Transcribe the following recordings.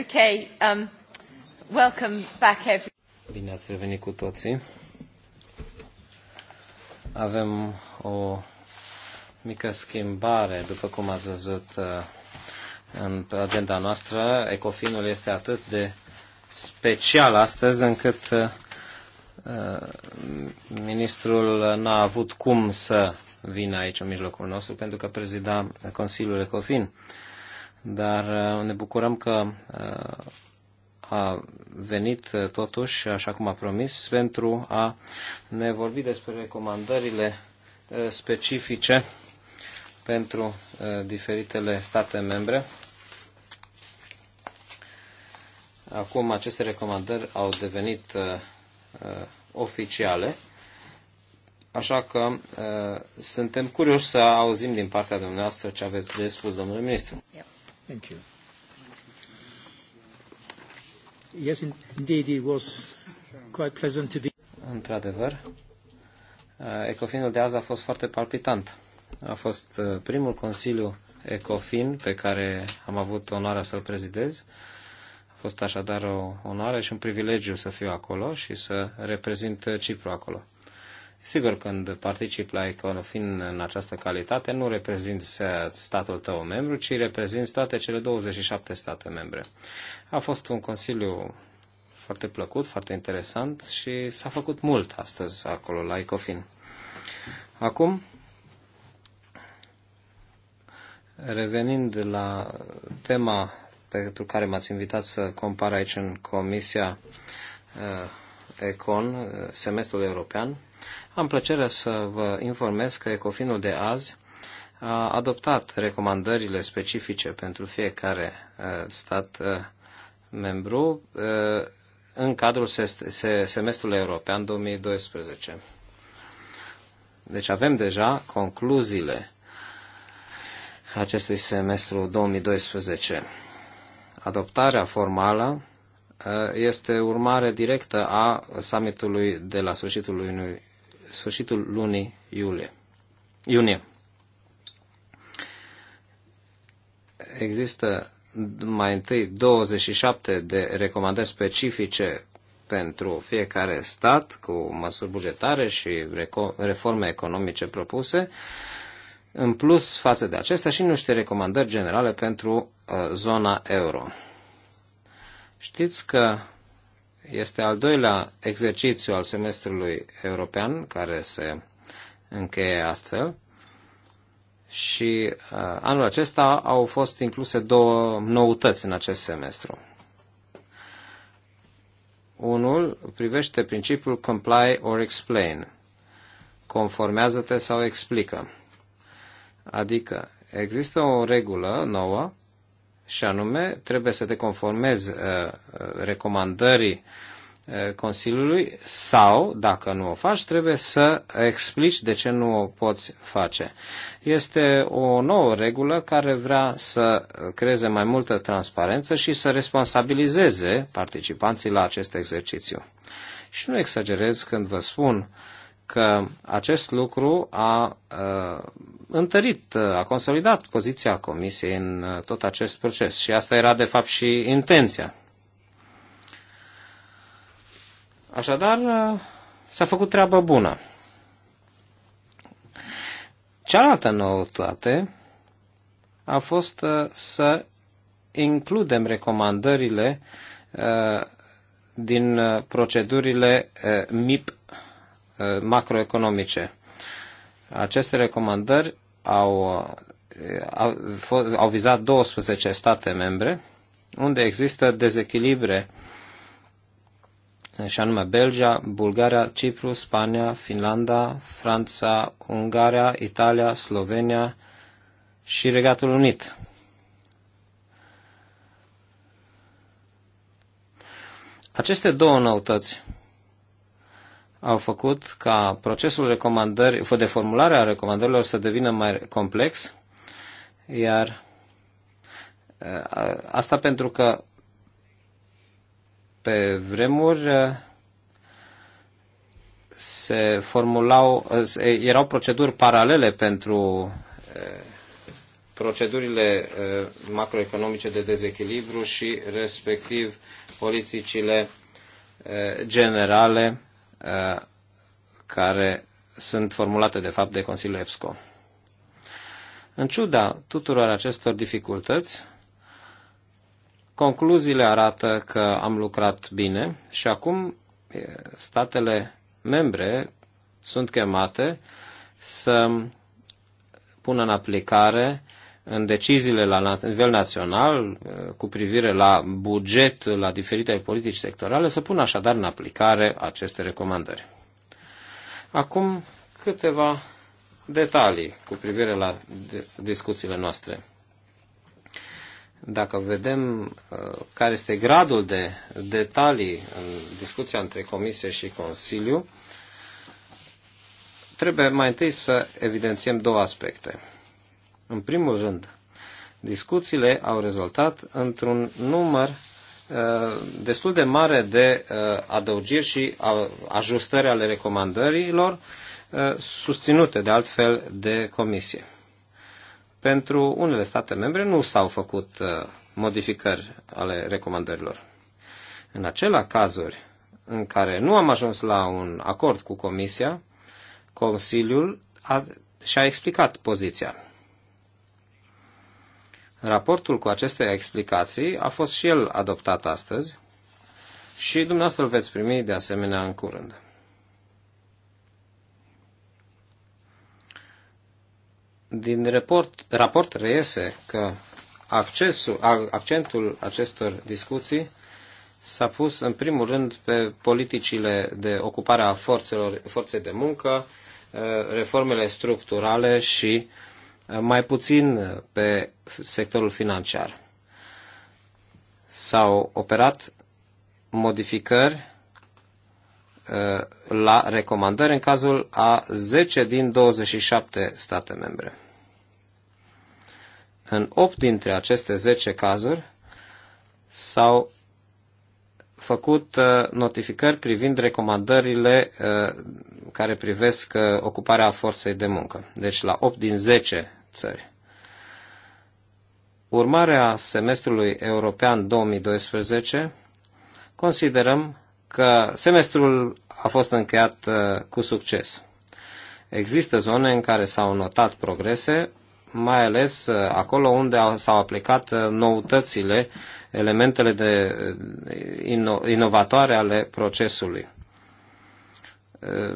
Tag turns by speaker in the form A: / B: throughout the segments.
A: Okay, um, welcome back every...
B: Bine ați revenit cu toții. Avem o mică schimbare, după cum ați văzut uh, în agenda noastră. Ecofinul este atât de special astăzi încât uh, ministrul n-a avut cum să vină aici în mijlocul nostru pentru că prezida Consiliul Ecofin dar uh, ne bucurăm că uh, a venit uh, totuși, așa cum a promis, pentru a ne vorbi despre recomandările specifice pentru diferitele state membre. Acum aceste recomandări au devenit oficiale, așa că suntem curioși să auzim din partea dumneavoastră ce aveți de spus, domnule ministru. Yeah. Thank you. Yes, indeed, it was quite pleasant to be... Într-adevăr, uh, Ecofinul de azi a fost foarte palpitant. A fost uh, primul consiliu Ecofin pe care am avut onoarea să-l prezidez. A fost așadar o onoare și un privilegiu să fiu acolo și să reprezint uh, Cipru acolo. Sigur, când particip la Econofin în această calitate, nu reprezinți statul tău membru, ci reprezinți toate cele 27 state membre. A fost un consiliu foarte plăcut, foarte interesant și s-a făcut mult astăzi acolo la Ecofin. Acum, revenind la tema pentru care m-ați invitat să compar aici în Comisia uh, Econ, uh, semestrul european, am plăcerea să vă informez că Ecofinul de azi a adoptat recomandările specifice pentru fiecare uh, stat uh, membru uh, în cadrul semestrului european 2012. Deci avem deja concluziile acestui semestru 2012. Adoptarea formală este urmare directă a summitului de la sfârșitul lunii sfârșitul lunii iulie, iunie. Există mai întâi 27 de recomandări specifice pentru fiecare stat cu măsuri bugetare și reforme economice propuse, în plus față de acestea și niște recomandări generale pentru uh, zona euro. Știți că este al doilea exercițiu al semestrului european care se încheie astfel și uh, anul acesta au fost incluse două noutăți în acest semestru. Unul privește principiul comply or explain. Conformează-te sau explică. Adică există o regulă nouă și anume trebuie să te conformezi uh, recomandării uh, Consiliului sau, dacă nu o faci, trebuie să explici de ce nu o poți face. Este o nouă regulă care vrea să creeze mai multă transparență și să responsabilizeze participanții la acest exercițiu. Și nu exagerez când vă spun uh, că acest lucru a uh, întărit, uh, a consolidat poziția Comisiei în uh, tot acest proces și asta era de fapt și intenția. Așadar, s-a făcut treabă bună. Cealaltă noutate a fost să includem recomandările din procedurile MIP Uh, macroeconomice. Aceste recomandări au, uh, au vizat 12 state membre, unde există dezechilibre, și anume Belgia, Bulgaria, Cipru, Spania, Finlanda, Franța, Ungaria, Italia, Slovenia și Regatul Unit. Aceste două noutăți au făcut ca procesul recomandări, de formulare a recomandărilor să devină mai complex, iar uh, asta pentru că pe vremuri uh, se formulau, uh, erau proceduri paralele pentru procedurile macroeconomice de dezechilibru și respectiv politicile generale Uh, care sunt formulate de fapt de Consiliul EPSCO. În ciuda tuturor acestor dificultăți, concluziile arată că am lucrat bine și acum eh, statele membre sunt chemate să pună în aplicare în deciziile la nivel național uh, cu privire la buget, la diferite politici sectorale, să pună așadar în aplicare aceste recomandări. Acum câteva detalii cu privire la discuțiile noastre. Dacă vedem uh, care este gradul de detalii în discuția între Comisie și Consiliu, trebuie mai întâi să evidențiem două aspecte. În primul rând, discuțiile au rezultat într-un număr uh, destul de mare de uh, adăugiri și ajustări ale recomandărilor uh, susținute de altfel de comisie. Pentru unele state membre nu s-au făcut modificări ale recomandărilor. În acelea cazuri în care nu am ajuns la un acord cu comisia, Consiliul a, și-a explicat poziția. Raportul cu aceste explicații a fost și el adoptat astăzi și dumneavoastră îl veți primi de asemenea în curând. Din raport, raport reiese că accesul, accentul acestor discuții s-a pus în primul rând pe politicile de ocupare a forțelor, forței de muncă, eh, reformele structurale și uh, mai puțin pe sectorul financiar. S-au operat modificări uh, la recomandări în cazul a 10 din 27 state membre. În 8 dintre aceste 10 cazuri s-au făcut uh, notificări privind recomandările uh, care privesc uh, ocuparea forței de muncă, deci la 8 din 10 țări. Urmarea semestrului european 2012, considerăm că semestrul a fost încheiat cu succes. Există zone în care s-au notat progrese, mai ales uh, acolo unde s-au aplicat uh, noutățile, elementele de uh, ino- inovatoare ale procesului.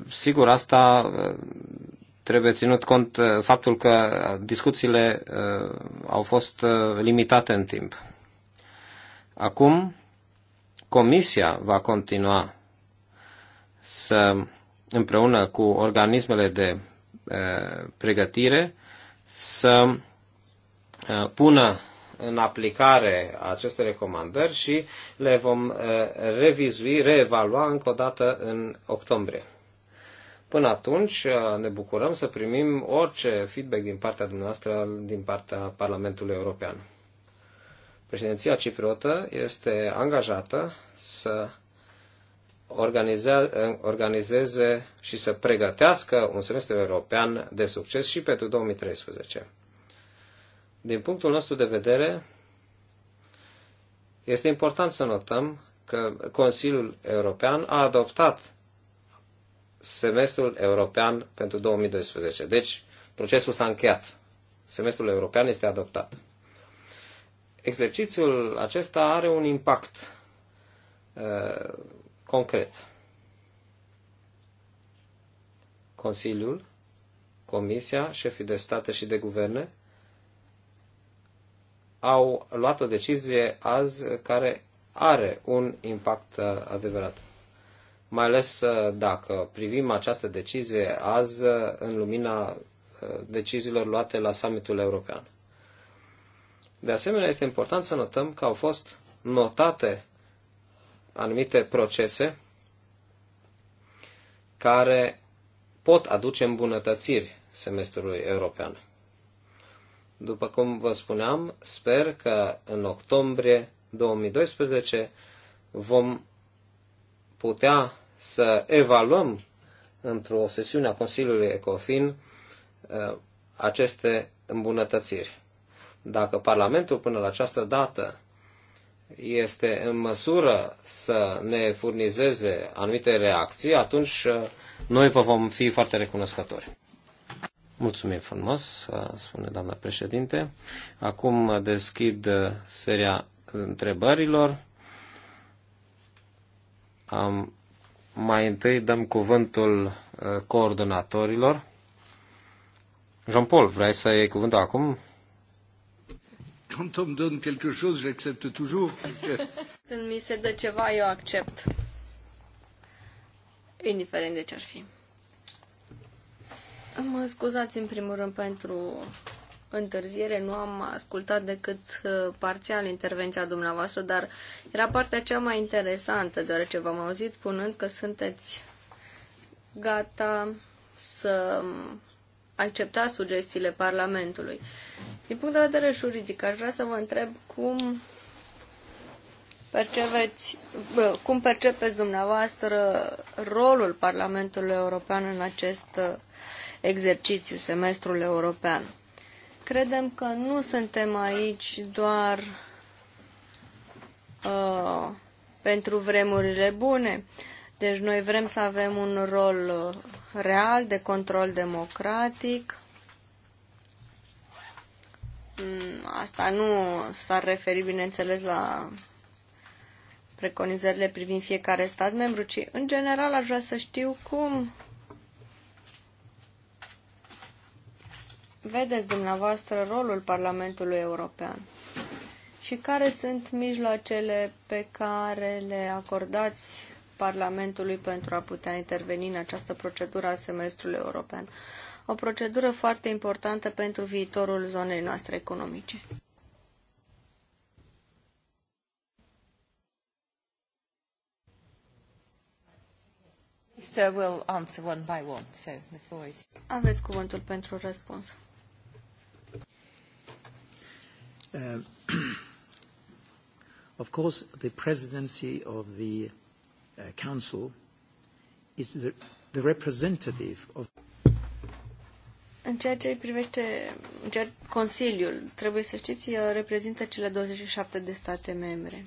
B: Sigur, asta trebuie ținut cont faptul că discuțiile au fost limitate în timp. Acum, Comisia va continua să, împreună cu organismele de pregătire, să uh, pună în aplicare aceste recomandări și le vom uh, revizui, reevalua încă o dată în octombrie. Până atunci uh, ne bucurăm să primim orice feedback din partea dumneavoastră, din partea Parlamentului European. Președinția cipriotă este angajată să organizeze și să pregătească un semestru european de succes și pentru 2013. Din punctul nostru de vedere, este important să notăm că Consiliul European a adoptat semestrul european pentru 2012. Deci, procesul s-a încheiat. Semestrul european este adoptat. Exercițiul acesta are un impact uh, concret. Consiliul, Comisia, șefii de state și de guverne au luat o decizie azi care are un impact uh, adevărat. Mai ales uh, dacă privim această decizie azi uh, în lumina deciziilor luate la summitul european. De asemenea, este important să notăm că au fost notate anumite procese care pot aduce îmbunătățiri semestrului european. După cum vă spuneam, sper că în octombrie 2012 vom putea să evaluăm într-o sesiune a Consiliului ECOFIN uh, aceste îmbunătățiri. Dacă Parlamentul până la această dată este în măsură să ne furnizeze anumite reacții, atunci uh, noi vă vom fi foarte recunoscători. Mulțumim frumos, uh, spune doamna președinte. Acum deschid uh, seria întrebărilor. Am, mai întâi dăm cuvântul coordonatorilor. Jean-Paul, vrei să iei cuvântul acum? Quand on me donne quelque chose, j'accepte toujours.
C: Când mi se dă ceva, eu accept. Indiferent de ce ar fi. Mă scuzați în primul rând pentru întârziere, nu am ascultat decât uh, parțial intervenția dumneavoastră, dar era partea cea mai interesantă, deoarece v-am auzit spunând că sunteți gata să accepta sugestiile Parlamentului. Din punct de vedere juridic, aș vrea să vă întreb cum percepeți, cum percepeți dumneavoastră rolul Parlamentului European în acest uh, exercițiu, semestrul european. Credem că nu suntem aici doar uh, pentru vremurile bune. Uh, deci noi vrem să avem un rol uh, real de control democratic. Mm, asta nu s-ar referi, bineînțeles, la preconizările privind fiecare stat membru, ci în general aș vrea să știu cum vedeți dumneavoastră rolul Parlamentului European și care sunt mijloacele pe care le acordați Parlamentului pentru a putea interveni în această procedură a semestrului european. O procedură foarte importantă pentru viitorul zonei noastre economice. Will answer one by one, so the floor is... Aveți cuvântul pentru răspuns.
A: Uh, of course, the presidency of the uh, Council is the, the representative of
C: în ceea ce privește ceea, Consiliul, trebuie să știți, reprezintă cele 27 de state membre.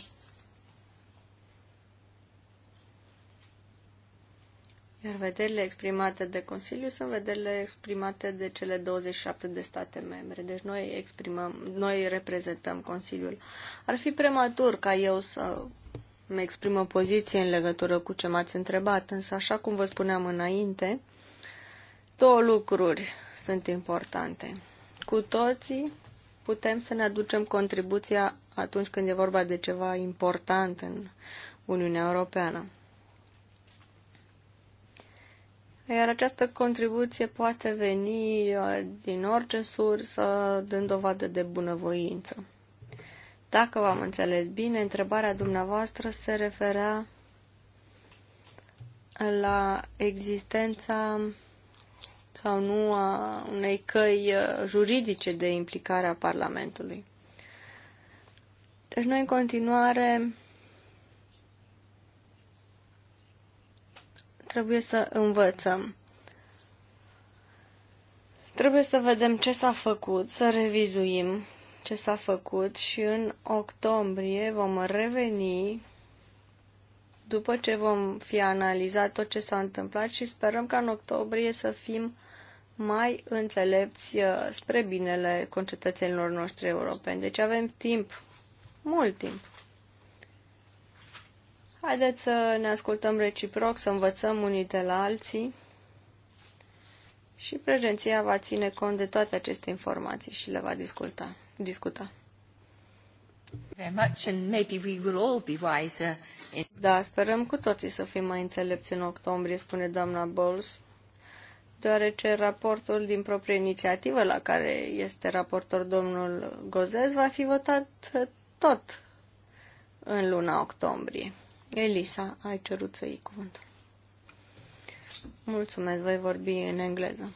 C: Iar vederile exprimate de Consiliu sunt vederile exprimate de cele 27 de state membre. Deci noi exprimăm, noi reprezentăm Consiliul. Ar fi prematur ca eu să îmi exprim o poziție în legătură cu ce m-ați întrebat, însă, așa cum vă spuneam înainte, două lucruri sunt importante. Cu toții putem să ne aducem contribuția atunci când e vorba de ceva important în Uniunea Europeană. Iar această contribuție poate veni uh, din orice sursă, dând dovadă de bunăvoință. Dacă v-am înțeles bine, întrebarea dumneavoastră se referea la existența sau nu a unei căi uh, juridice de implicare a Parlamentului. Deci noi în continuare trebuie să învățăm. Trebuie să vedem ce s-a făcut, să revizuim ce s-a făcut și în octombrie vom reveni după ce vom fi analizat tot ce s-a întâmplat și sperăm ca în octombrie să fim mai înțelepți uh, spre binele concetățenilor noștri europeni. Deci avem timp, mult timp. Haideți să ne ascultăm reciproc, să învățăm unii de la alții și prezenția va ține cont de toate aceste informații și le va discuta discuta. Da, sperăm cu toții să fim mai înțelepți în octombrie, spune doamna Bowles, deoarece raportul din proprie inițiativă la care este raportor domnul Gozez va fi votat tot în luna octombrie. Elisa, ai cerut să iei cuvântul. Mulțumesc, voi vorbi în engleză.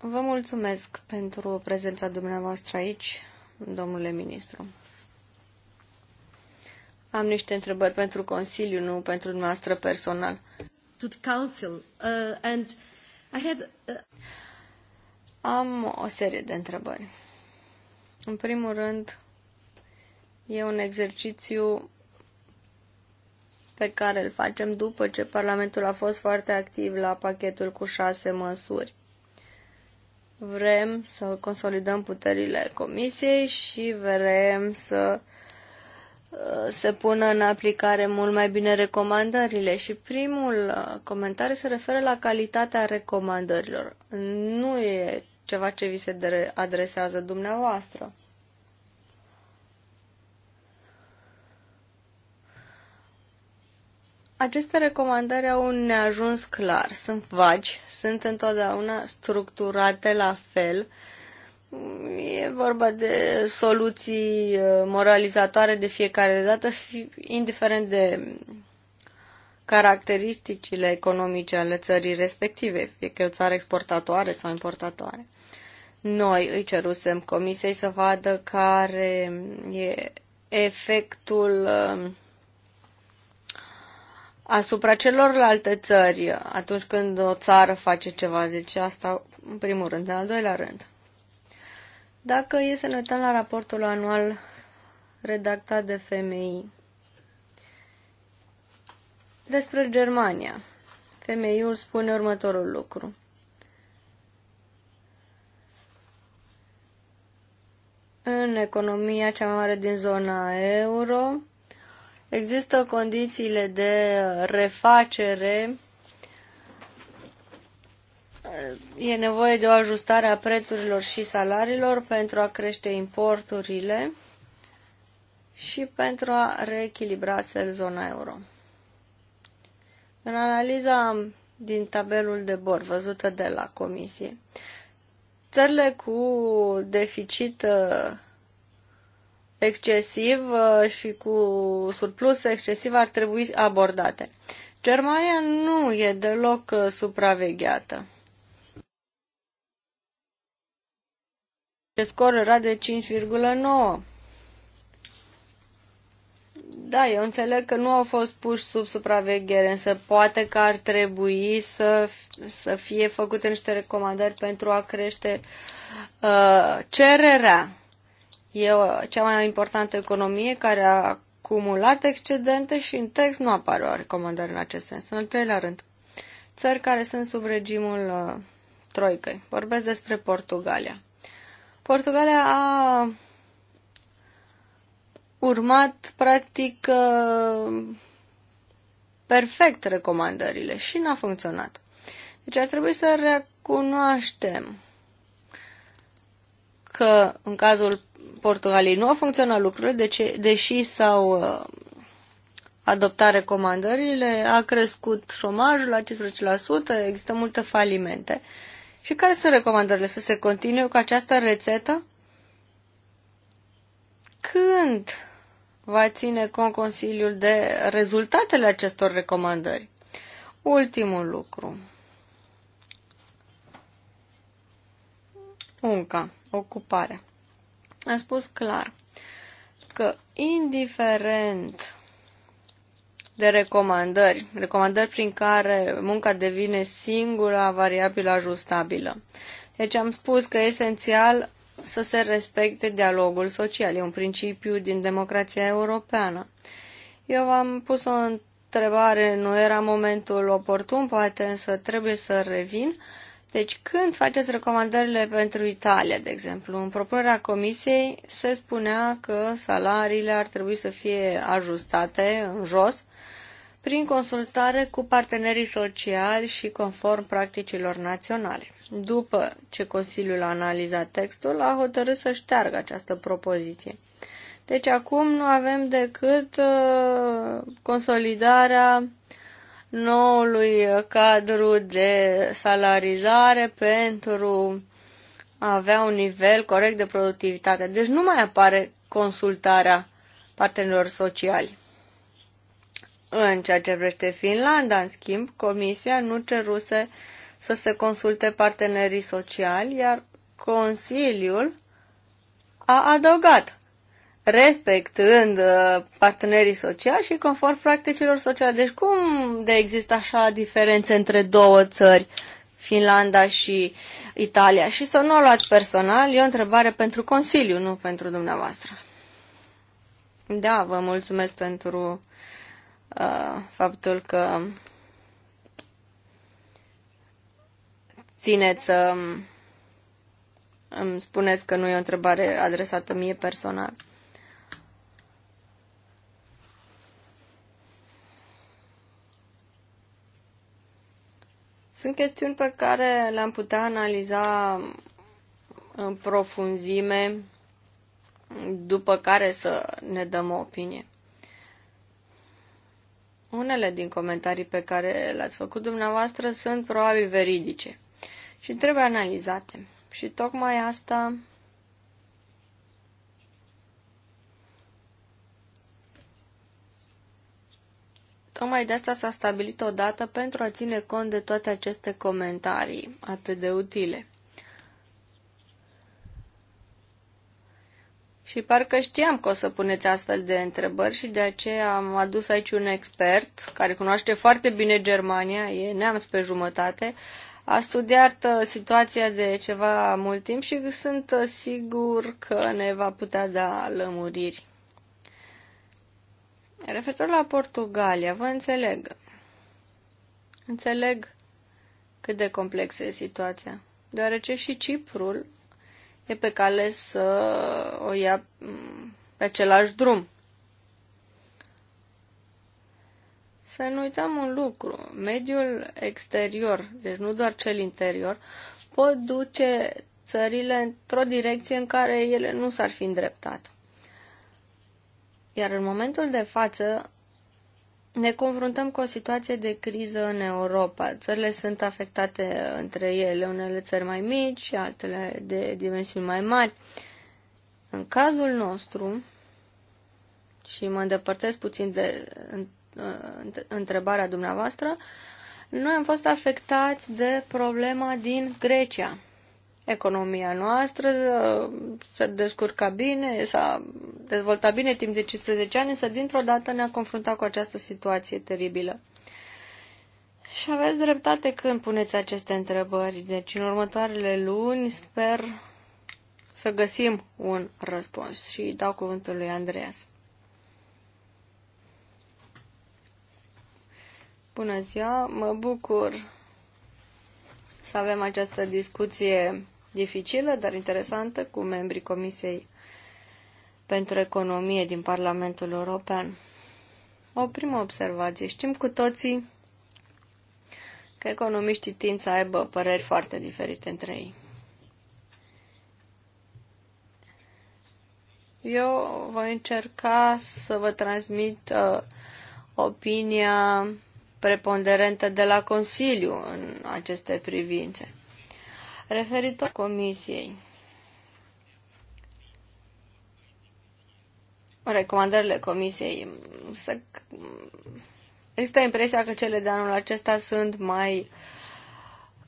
C: Vă mulțumesc pentru prezența dumneavoastră aici, domnule ministru. Am niște întrebări pentru Consiliu, nu pentru dumneavoastră personal. To the Council, uh, and I uh... Am o serie de întrebări. În primul rând, e un exercițiu pe care îl facem după ce Parlamentul a fost foarte activ la pachetul cu șase măsuri. Vrem să consolidăm puterile comisiei și vrem să uh, se pună în aplicare mult mai bine recomandările și primul uh, comentariu se referă la calitatea recomandărilor. Nu e ceva ce vi se adresează dumneavoastră. Aceste recomandări au un neajuns clar, sunt vagi, sunt întotdeauna structurate la fel. E vorba de soluții uh, moralizatoare de fiecare dată, indiferent de caracteristicile economice ale țării respective, fie că e o țară exportatoare sau importatoare. Noi îi cerusem comisiei să vadă care e efectul uh, asupra celorlalte țări atunci când o țară face ceva. Deci asta în primul rând. În al doilea rând, dacă e să ne uităm la raportul anual redactat de femei despre Germania, femeiul spune următorul lucru. În economia cea mai mare din zona euro, Există condițiile de refacere. E nevoie de o ajustare a prețurilor și salariilor pentru a crește importurile și pentru a reechilibra astfel zona euro. În analiza din tabelul de bord văzută de la comisie, țările cu deficit excesiv uh, și cu surplus excesiv ar trebui abordate. Germania nu e deloc uh, supravegheată. Scor era de 5,9. Da, eu înțeleg că nu au fost puși sub supraveghere, însă poate că ar trebui să, să fie făcute niște recomandări pentru a crește uh, cererea E cea mai importantă economie care a acumulat excedente și în text nu apare o recomandare în acest sens. În al treilea rând, țări care sunt sub regimul uh, troicăi. Vorbesc despre Portugalia. Portugalia a urmat practic uh, perfect recomandările și n-a funcționat. Deci ar trebui să recunoaștem că în cazul Portugaliei nu au funcționat lucrurile, deci, deși s-au uh, adoptat recomandările, a crescut șomajul la 15%, există multe falimente. Și care sunt recomandările? Să se continue cu această rețetă? Când va ține cont Consiliul de rezultatele acestor recomandări? Ultimul lucru. Unca, ocuparea a spus clar că indiferent de recomandări, recomandări prin care munca devine singura variabilă ajustabilă. Deci am spus că e esențial să se respecte dialogul social. E un principiu din democrația europeană. Eu v-am pus o întrebare, nu era momentul oportun, poate, însă trebuie să revin. Uh, deci când faceți recomandările pentru Italia, de exemplu, în propunerea comisiei se spunea că salariile ar trebui să fie ajustate în jos prin consultare cu partenerii sociali și conform practicilor naționale. După ce Consiliul a analizat textul, a hotărât să șteargă această propoziție. Deci acum nu avem decât uh, consolidarea uh, noului cadru de salarizare pentru a avea un nivel corect de productivitate. Deci nu mai apare consultarea partenerilor sociali. În ceea ce vrește Finlanda, în schimb, Comisia nu ceruse să se consulte partenerii sociali, iar Consiliul a adăugat respectând uh, partenerii sociali și conform practicilor sociale. Deci cum de există așa diferențe între două țări, Finlanda și Italia? Și să nu o luați personal, e o întrebare pentru Consiliu, nu pentru dumneavoastră. Da, vă mulțumesc pentru uh, faptul că țineți să um, îmi spuneți că nu e o întrebare adresată mie personal. Sunt chestiuni pe care le-am putea analiza în profunzime, după care să ne dăm o opinie. Unele din comentarii pe care le-ați făcut dumneavoastră sunt probabil veridice și trebuie analizate. Și tocmai asta Tocmai de asta s-a stabilit o dată pentru a ține cont de toate aceste comentarii atât de utile. Și parcă știam că o să puneți astfel de întrebări și de aceea am adus aici un expert care cunoaște foarte bine Germania, e neam pe jumătate, a studiat uh, situația de ceva mult timp și sunt uh, sigur că ne va putea da lămuriri Referitor la Portugalia, vă înțeleg. Înțeleg cât de complexă e situația, deoarece și Ciprul e pe cale să o ia mm, pe același drum. Să nu uităm un lucru, mediul exterior, deci nu doar cel interior, pot duce țările într-o direcție în care ele nu s-ar fi îndreptat. Iar în momentul de față ne confruntăm cu o situație de criză în Europa. Țările sunt afectate între ele, unele țări mai mici, altele de dimensiuni mai mari. În cazul nostru, și mă îndepărtez puțin de întrebarea dumneavoastră, noi am fost afectați de problema din Grecia economia noastră, uh, să descurca bine, s-a dezvoltat bine timp de 15 ani, însă dintr-o dată ne-a confruntat cu această situație teribilă. Și aveți dreptate când puneți aceste întrebări. Deci, în următoarele luni, sper să găsim un răspuns. Și dau cuvântul lui Andreas. Bună ziua, mă bucur să avem această discuție dificilă, dar interesantă, cu membrii Comisiei pentru Economie din Parlamentul European. O primă observație. Știm cu toții că economiștii tind să aibă păreri foarte diferite între ei. Eu voi încerca să vă transmit uh, opinia preponderentă de la Consiliu în aceste privințe. Referitor comisiei, recomandările comisiei, să... există impresia că cele de anul acesta sunt mai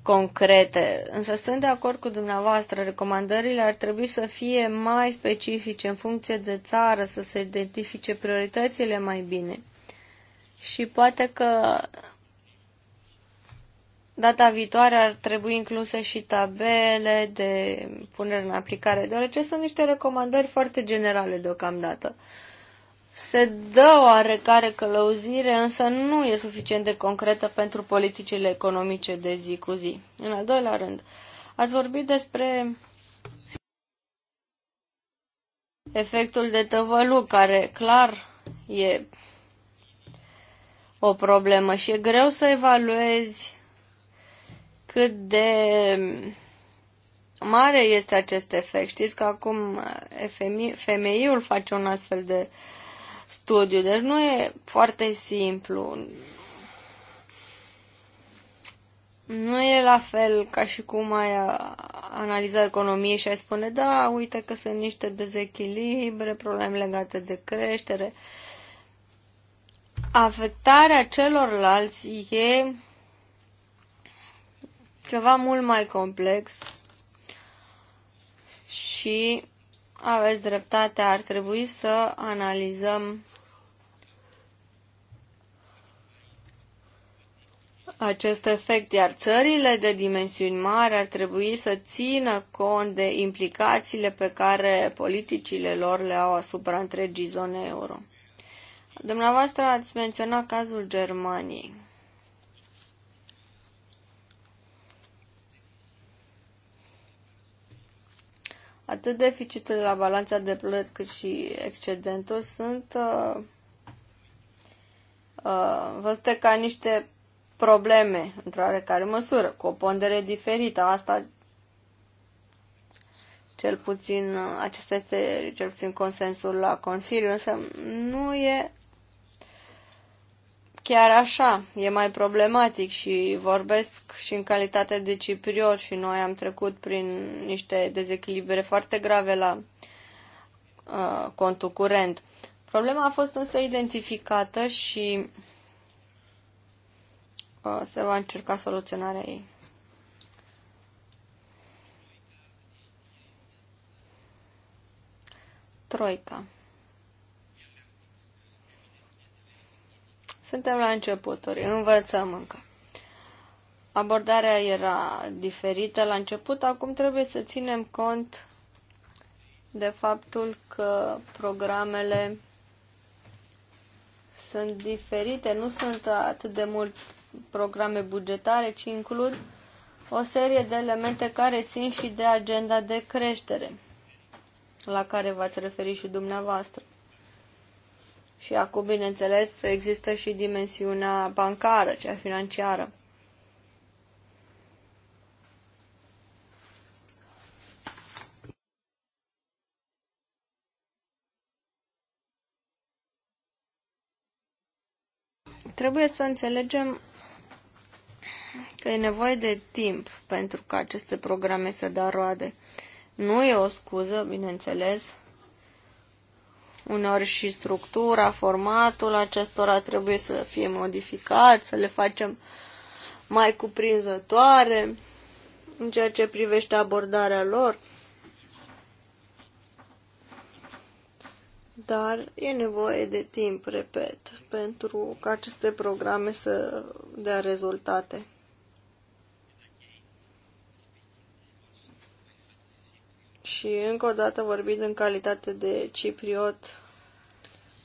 C: concrete, însă sunt de acord cu dumneavoastră, recomandările ar trebui să fie mai specifice în funcție de țară, să se identifice prioritățile mai bine. Și poate că data viitoare ar trebui incluse și tabele de punere în aplicare, deoarece sunt niște recomandări foarte generale deocamdată. Se dă o arecare călăuzire, însă nu e suficient de concretă pentru politicile economice de zi cu zi. În al doilea rând, ați vorbit despre efectul de tăvălu, care clar e o problemă și e greu să evaluezi cât de mare este acest efect. Știți că acum femeiul face un astfel de studiu, deci nu e foarte simplu. Nu e la fel ca și cum ai analiza economie și ai spune, da, uite că sunt niște dezechilibre, probleme legate de creștere. Afectarea celorlalți e ceva mult mai complex și aveți dreptate, ar trebui să analizăm acest efect, iar țările de dimensiuni mari ar trebui să țină cont de implicațiile pe care politicile lor le au asupra întregii zone euro. Dumneavoastră ați menționat cazul Germaniei. atât deficitele la balanța de plăți cât și excedentul sunt uh, uh, văzute ca niște probleme într-o oarecare măsură, cu o pondere diferită. Asta cel puțin, acesta este cel puțin consensul la Consiliu, însă nu e chiar așa e mai problematic și vorbesc și în calitate de cipriot și noi am trecut prin niște dezechilibre foarte grave la uh, contul curent. Problema a fost însă identificată și uh, se va încerca soluționarea ei. Troika. Suntem la începuturi, învățăm încă. Abordarea era diferită la început, acum trebuie să ținem cont de faptul că programele sunt diferite, nu sunt atât de mult programe bugetare, ci includ o serie de elemente care țin și de agenda de creștere, la care v-ați referit și dumneavoastră. Și acum, bineînțeles, există și dimensiunea bancară, cea financiară. Trebuie să înțelegem că e nevoie de timp pentru ca aceste programe să dea roade. Nu e o scuză, bineînțeles, Uneori și structura, formatul acestora trebuie să fie modificat, să le facem mai cuprinzătoare în ceea ce privește abordarea lor. Dar e nevoie de timp, repet, pentru ca aceste programe să dea rezultate. Și încă o dată vorbind în calitate de cipriot,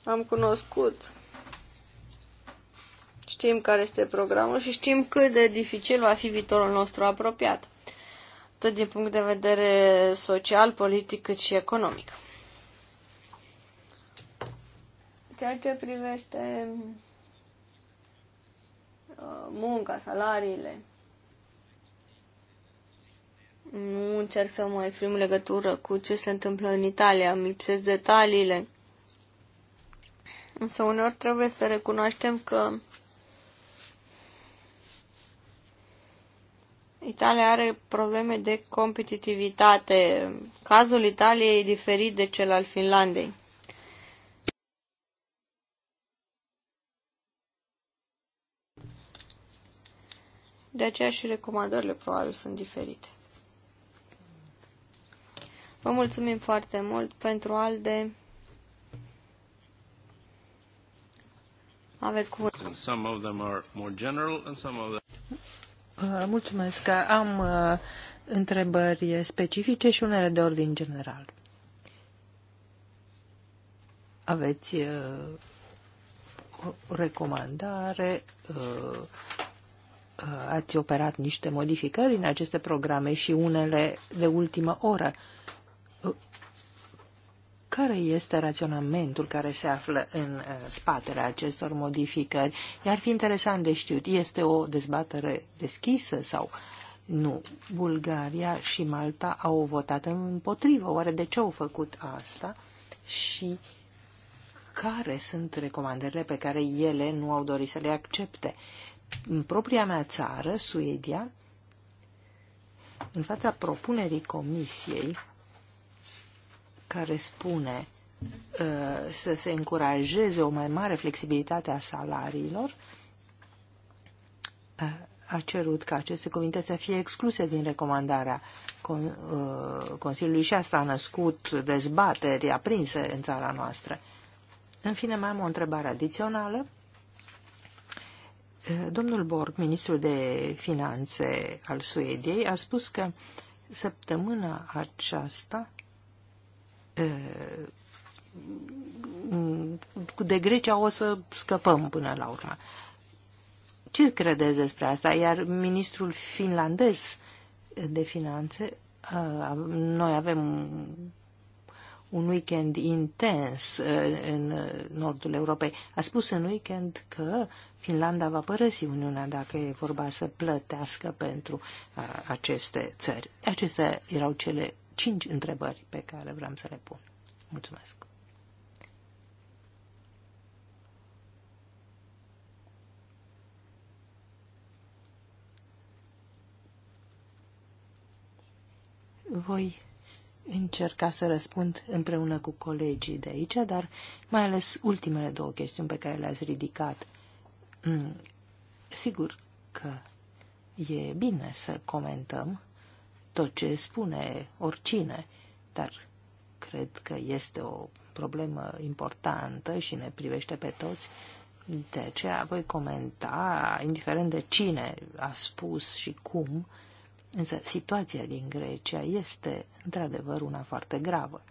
C: am cunoscut. Știm care este programul și știm cât de dificil va fi viitorul nostru apropiat, atât din punct de vedere social, politic, cât și economic. Ceea ce privește uh, munca, salariile, nu încerc să mă exprim în legătură cu ce se întâmplă în Italia, îmi lipsesc detaliile. Însă uneori trebuie să recunoaștem că Italia are probleme de competitivitate. Cazul Italiei e diferit de cel al Finlandei. De aceea și recomandările probabil sunt diferite. Vă mulțumim foarte mult pentru ALDE. Aveți cuvântul.
B: Some
A: Mulțumesc. Am uh, întrebări specifice și unele de ordin general. Aveți uh, o recomandare, uh, uh ați operat niște modificări în aceste programe și unele de ultimă oră care este raționamentul care se află în uh, spatele acestor modificări. Iar fi interesant de știut, este o dezbatere deschisă sau nu? Bulgaria și Malta au votat împotrivă. Oare de ce au făcut asta? Și care sunt recomandările pe care ele nu au dorit să le accepte? În propria mea țară, Suedia, în fața propunerii comisiei care spune uh, să se încurajeze o mai mare flexibilitate a salariilor, uh, a cerut ca aceste cuvinte să fie excluse din recomandarea uh, Consiliului și asta a născut dezbateri aprinse în țara noastră. În fine, mai am o întrebare adițională. Domnul Borg, ministrul de finanțe al Suediei, a spus că săptămâna aceasta de Grecia o să scăpăm până la urmă. Ce credeți despre asta? Iar ministrul finlandez de finanțe, noi avem un weekend intens în nordul Europei. A spus în weekend că Finlanda va părăsi Uniunea dacă e vorba să plătească pentru aceste țări. Acestea erau cele cinci întrebări pe care vreau să le pun. Mulțumesc! Voi încerca să răspund împreună cu colegii de aici, dar mai ales ultimele două chestiuni pe care le-ați ridicat. Mm, sigur că e bine să comentăm tot ce spune oricine, dar cred că este o problemă importantă și ne privește pe toți. De aceea voi comenta, indiferent de cine a spus și cum, însă situația din Grecia este într-adevăr una foarte gravă.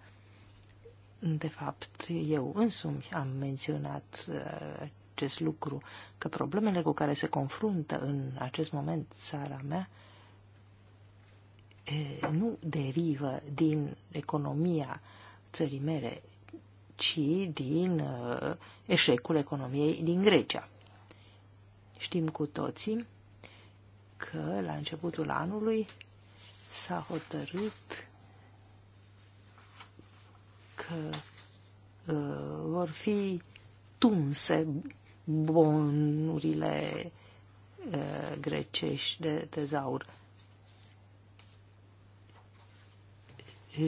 A: De fapt, eu însumi am menționat uh, acest lucru, că problemele cu care se confruntă în acest moment țara mea nu derivă din economia țării mele, ci din eșecul economiei din Grecia. Știm cu toții că la începutul anului s-a hotărât că vor fi tunse bonurile grecești de tezaur.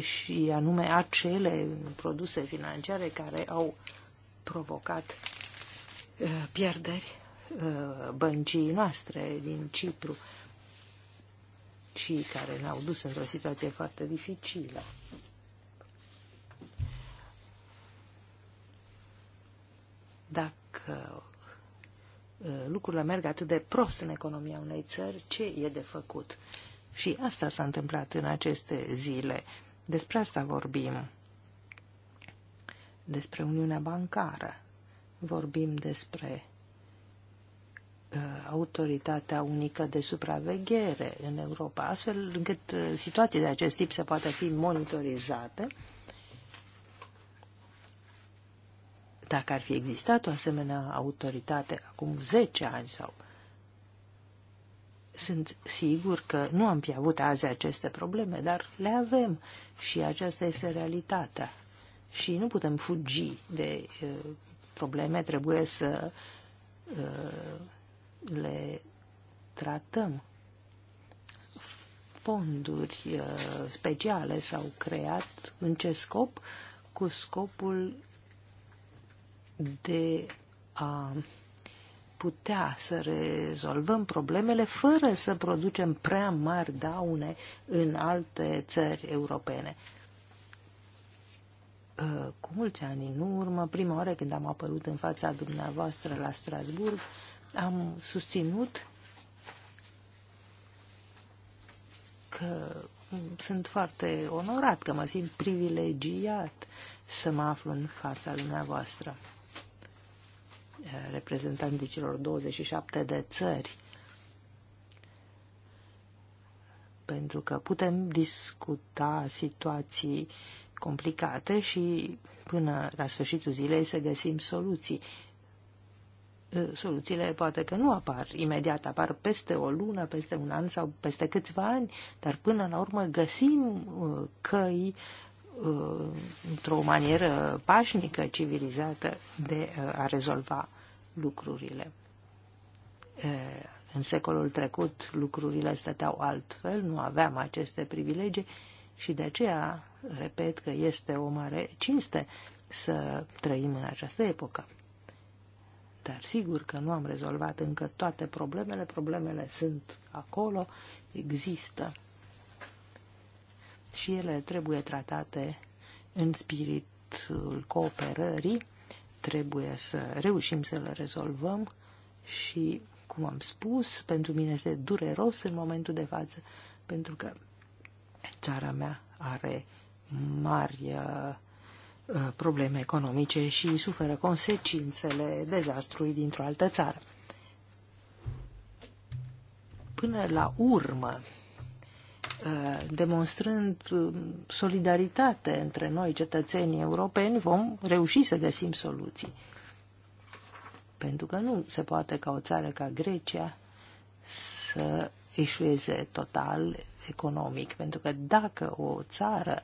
A: și anume acele produse financiare care au provocat uh, pierderi uh, băncii noastre din Cipru și care ne-au dus într-o situație foarte dificilă. Dacă uh, lucrurile merg atât de prost în economia unei țări, ce e de făcut? Și asta s-a întâmplat în aceste zile. Despre asta vorbim. Despre Uniunea Bancară. Vorbim despre uh, autoritatea unică de supraveghere în Europa, astfel încât uh, situații de acest tip se poate fi monitorizate. Dacă ar fi existat o asemenea autoritate acum 10 ani sau sunt sigur că nu am fi avut azi aceste probleme, dar le avem și aceasta este realitatea. Și nu putem fugi de probleme, trebuie să le tratăm. Fonduri speciale s-au creat. În ce scop? Cu scopul de a uh, putea să rezolvăm problemele fără să producem prea mari daune în alte țări europene. Ă, cu mulți ani în urmă, prima oară când am apărut în fața dumneavoastră la Strasburg, am susținut că sunt foarte onorat, că mă simt privilegiat să mă aflu în fața dumneavoastră reprezentanții celor 27 de țări. Pentru că putem discuta situații complicate și până la sfârșitul zilei să găsim soluții. Soluțiile poate că nu apar imediat, apar peste o lună, peste un an sau peste câțiva ani, dar până la urmă găsim căi într-o manieră pașnică, civilizată de a rezolva lucrurile. În secolul trecut lucrurile stăteau altfel, nu aveam aceste privilegii și de aceea repet că este o mare cinste să trăim în această epocă. Dar sigur că nu am rezolvat încă toate problemele, problemele sunt acolo, există și ele trebuie tratate în spiritul cooperării trebuie să reușim să le rezolvăm și, cum am spus, pentru mine este dureros în momentul de față, pentru că țara mea are mari uh, uh, probleme economice și suferă consecințele dezastrului dintr-o altă țară. Până la urmă, Uh, demonstrând um, solidaritate între noi, cetățenii europeni, vom reuși să găsim soluții. Pentru că nu se poate ca o țară ca Grecia să eșueze total economic. Pentru că dacă o țară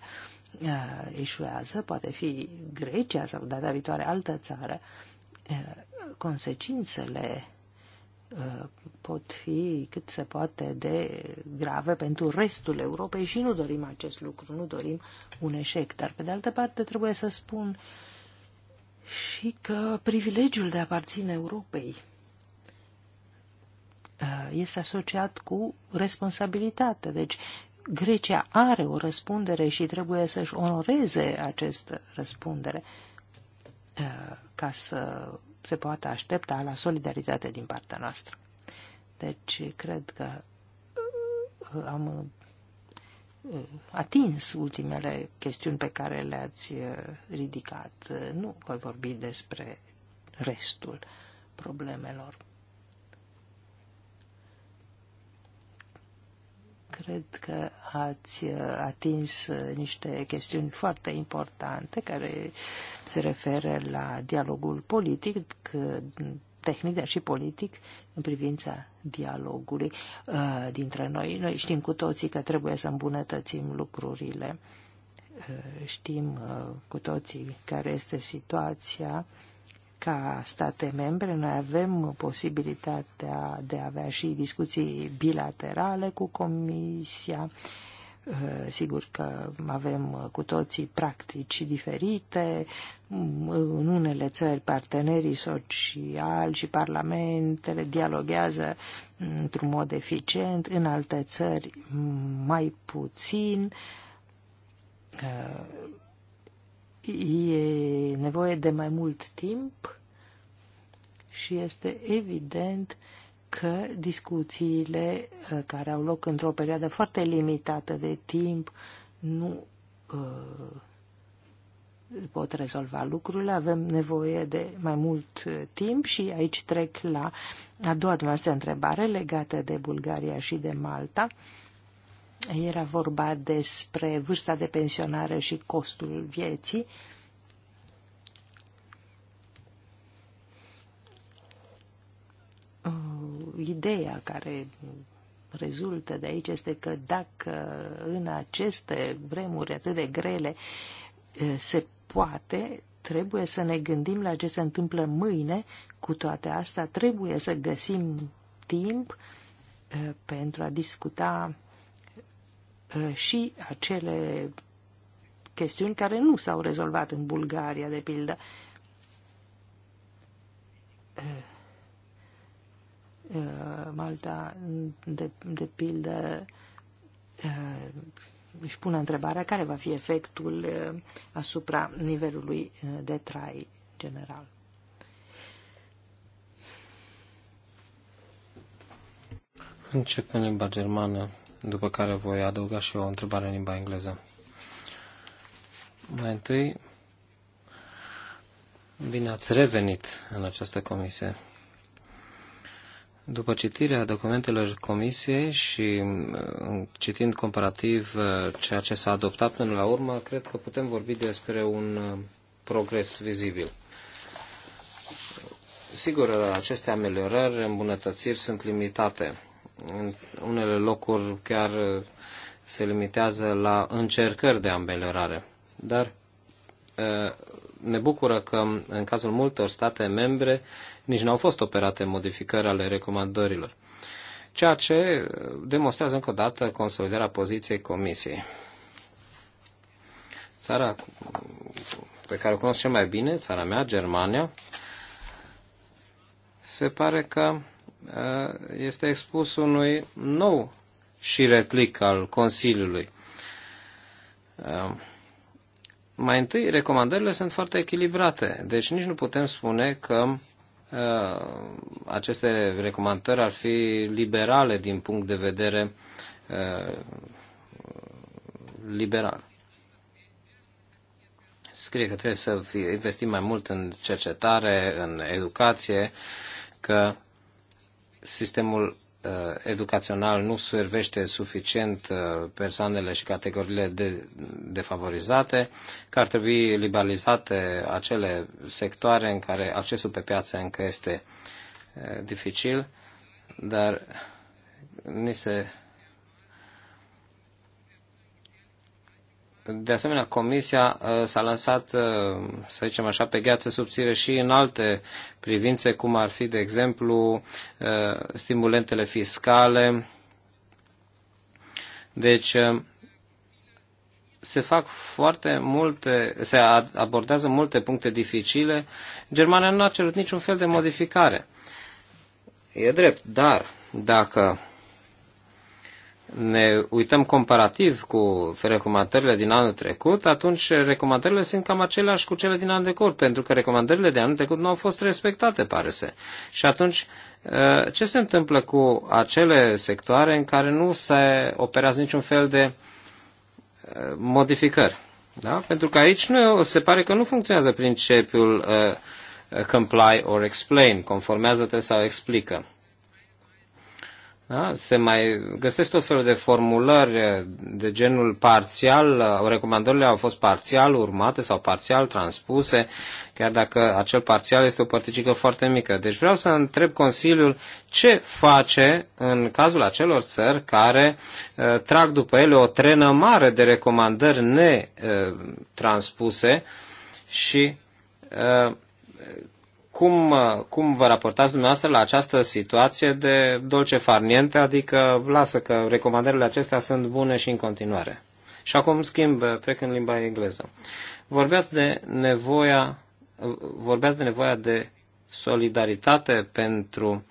A: uh, eșuează, poate fi Grecia sau data viitoare altă țară, uh, consecințele Uh, pot fi cât se poate de grave pentru restul Europei și nu dorim acest lucru, nu dorim un eșec. Dar, pe de altă parte, trebuie să spun și că privilegiul de a aparține Europei uh, este asociat cu responsabilitate. Deci, Grecia are o răspundere și trebuie să-și onoreze această răspundere uh, ca să se poate aștepta la solidaritate din partea noastră. Deci, cred că uh, am uh, atins ultimele chestiuni pe care le-ați uh, ridicat. Nu voi vorbi despre restul problemelor. Cred că ați uh, atins uh, niște chestiuni foarte importante care se referă la dialogul politic, tehnic, dar și politic în privința dialogului uh, dintre noi. Noi știm cu toții că trebuie să îmbunătățim lucrurile. Știm cu toții care este situația ca state membre, noi avem posibilitatea de a avea și discuții bilaterale cu Comisia. Eh, sigur că avem cu toții practici diferite. În unele țări, partenerii sociali și parlamentele dialoghează într-un mod eficient, în alte țări mai puțin eh, e nevoie de mai mult timp și este evident că discuțiile uh, care au loc într-o perioadă foarte limitată de timp nu uh, pot rezolva lucrurile, avem nevoie de mai mult uh, timp și aici trec la a doua dumneavoastră întrebare legată de Bulgaria și de Malta. Uh, era vorba despre vârsta de pensionare și costul vieții. Uh, ideea care rezultă de aici este că dacă în aceste vremuri atât de grele uh, se poate, trebuie să ne gândim la ce se întâmplă mâine. Cu toate astea, trebuie să găsim timp uh, pentru a discuta Uh, și acele chestiuni care nu s-au rezolvat în Bulgaria, de pildă. Uh, uh, Malta, de, de pildă, își pune întrebarea care va fi efectul asupra nivelului de trai general.
B: Începem limba germană după care voi adăuga și eu o întrebare în limba engleză. Mai întâi, bine ați revenit în această comisie. După citirea documentelor comisiei și uh, citind comparativ uh, ceea ce s-a adoptat până la urmă, cred că putem vorbi despre un uh, progres vizibil. Sigur, aceste ameliorări, îmbunătățiri sunt limitate în unele locuri chiar uh, se limitează la încercări de ameliorare. Dar uh, ne bucură că în cazul multor state membre nici nu au fost operate modificări ale recomandărilor, ceea ce uh, demonstrează încă o dată consolidarea poziției Comisiei. Țara pe care o cunosc cel mai bine, țara mea, Germania, se pare că Uh, este expus unui nou și retlic al Consiliului. Uh, mai întâi, recomandările sunt foarte echilibrate, deci nici nu putem spune că uh, aceste recomandări ar fi liberale din punct de vedere liberal. Scrie că trebuie să investim mai mult în cercetare, în educație, că sistemul uh, educațional nu servește suficient uh, persoanele și categoriile de, defavorizate, că ar trebui liberalizate acele sectoare în care accesul pe piață încă este uh, dificil, dar ni se De asemenea, Comisia uh, s-a lansat, uh, să zicem așa, pe gheață subțire și în alte privințe, cum ar fi, de exemplu, uh, stimulentele fiscale. Deci, se fac foarte multe, se abordează multe puncte dificile. Germania nu a cerut niciun fel de modificare. E drept, dar dacă ne uităm comparativ cu recomandările din anul trecut, atunci recomandările sunt cam aceleași cu cele din anul trecut, pentru că recomandările de anul trecut nu au fost respectate, pare se. Și atunci, eh, ce se întâmplă cu acele sectoare în care nu se operează niciun fel de eh, modificări? Da? Pentru că aici nu, se pare că nu funcționează principiul uh, comply or explain, conformează-te sau explică. Da? Se mai găsesc tot felul de formulări de genul parțial, recomandările au fost parțial urmate sau parțial transpuse, chiar dacă acel parțial este o părticică foarte mică. Deci vreau să întreb Consiliul ce face în cazul acelor țări care uh, trag după ele o trenă mare de recomandări netranspuse uh, și uh, cum, uh, cum vă raportați dumneavoastră la această situație de dolce farniente, adică lasă că recomandările acestea sunt bune și în continuare. Și acum schimb, trec în limba engleză. Vorbeați de nevoia, vorbeați de, nevoia de solidaritate pentru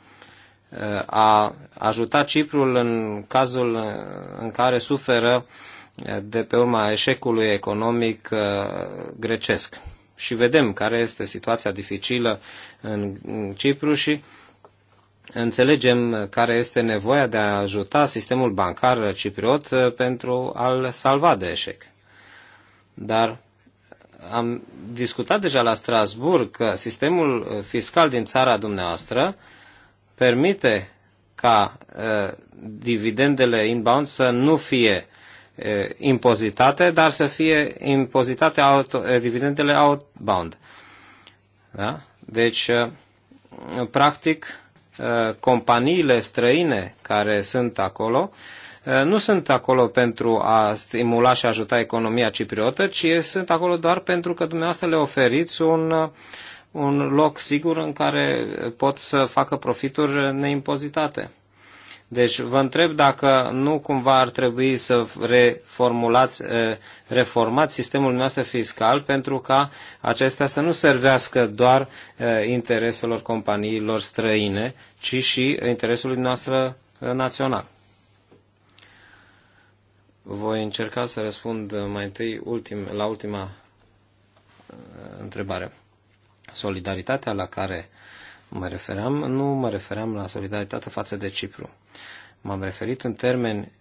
B: uh, a ajuta Ciprul în cazul uh, în care suferă de pe urma eșecului economic grecesc și vedem care este situația dificilă în Cipru și înțelegem care este nevoia de a ajuta sistemul bancar cipriot uh, pentru a-l salva de eșec. Dar am discutat deja la Strasburg că sistemul uh, fiscal din țara dumneavoastră permite ca uh, dividendele inbound să nu fie Eh, impozitate, dar să fie impozitate auto, eh, dividendele outbound. Da? Deci, eh, practic, companiile străine care sunt acolo nu sunt acolo pentru a stimula și ajuta economia cipriotă, ci sunt acolo doar pentru că dumneavoastră le oferiți un, un loc sigur în care pot să facă profituri neimpozitate. Deci vă întreb dacă nu cumva ar trebui să reformulați, reformați sistemul nostru fiscal pentru ca acestea să nu servească doar intereselor companiilor străine, ci și interesului noastră național. Voi încerca să răspund mai întâi ultim, la ultima întrebare. Solidaritatea la care mă referam, nu mă referam la solidaritate față de Cipru. M-am referit în termeni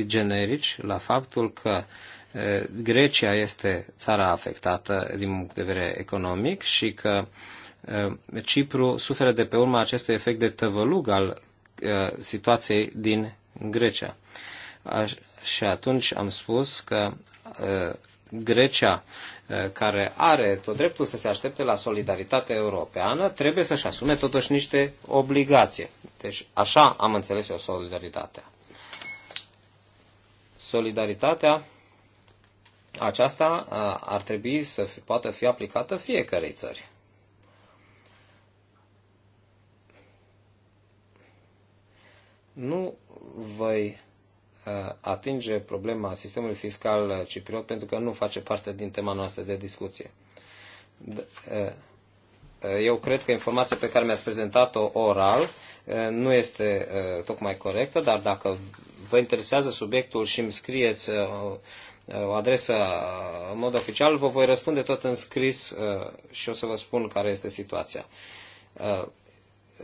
B: generici la faptul că Grecia este țara afectată din punct de vedere economic și că Cipru suferă de pe urma acestui efect de tăvălug al situației din Grecia. și atunci am spus că Grecia Eh, care are tot dreptul să se aștepte la solidaritate europeană, trebuie să-și asume totuși niște obligații. Deci așa am înțeles eu solidaritatea. Solidaritatea aceasta eh, ar trebui să fi, poată fi aplicată fiecarei țări. Nu voi Uh, atinge problema sistemului fiscal uh, cipriot pentru că nu face parte din tema noastră de discuție. Uh, eu cred că informația pe care mi-ați prezentat-o oral nu este tocmai corectă, dar dacă vă interesează subiectul și îmi scrieți o adresă în mod oficial, vă voi răspunde tot în scris și o să vă spun care este situația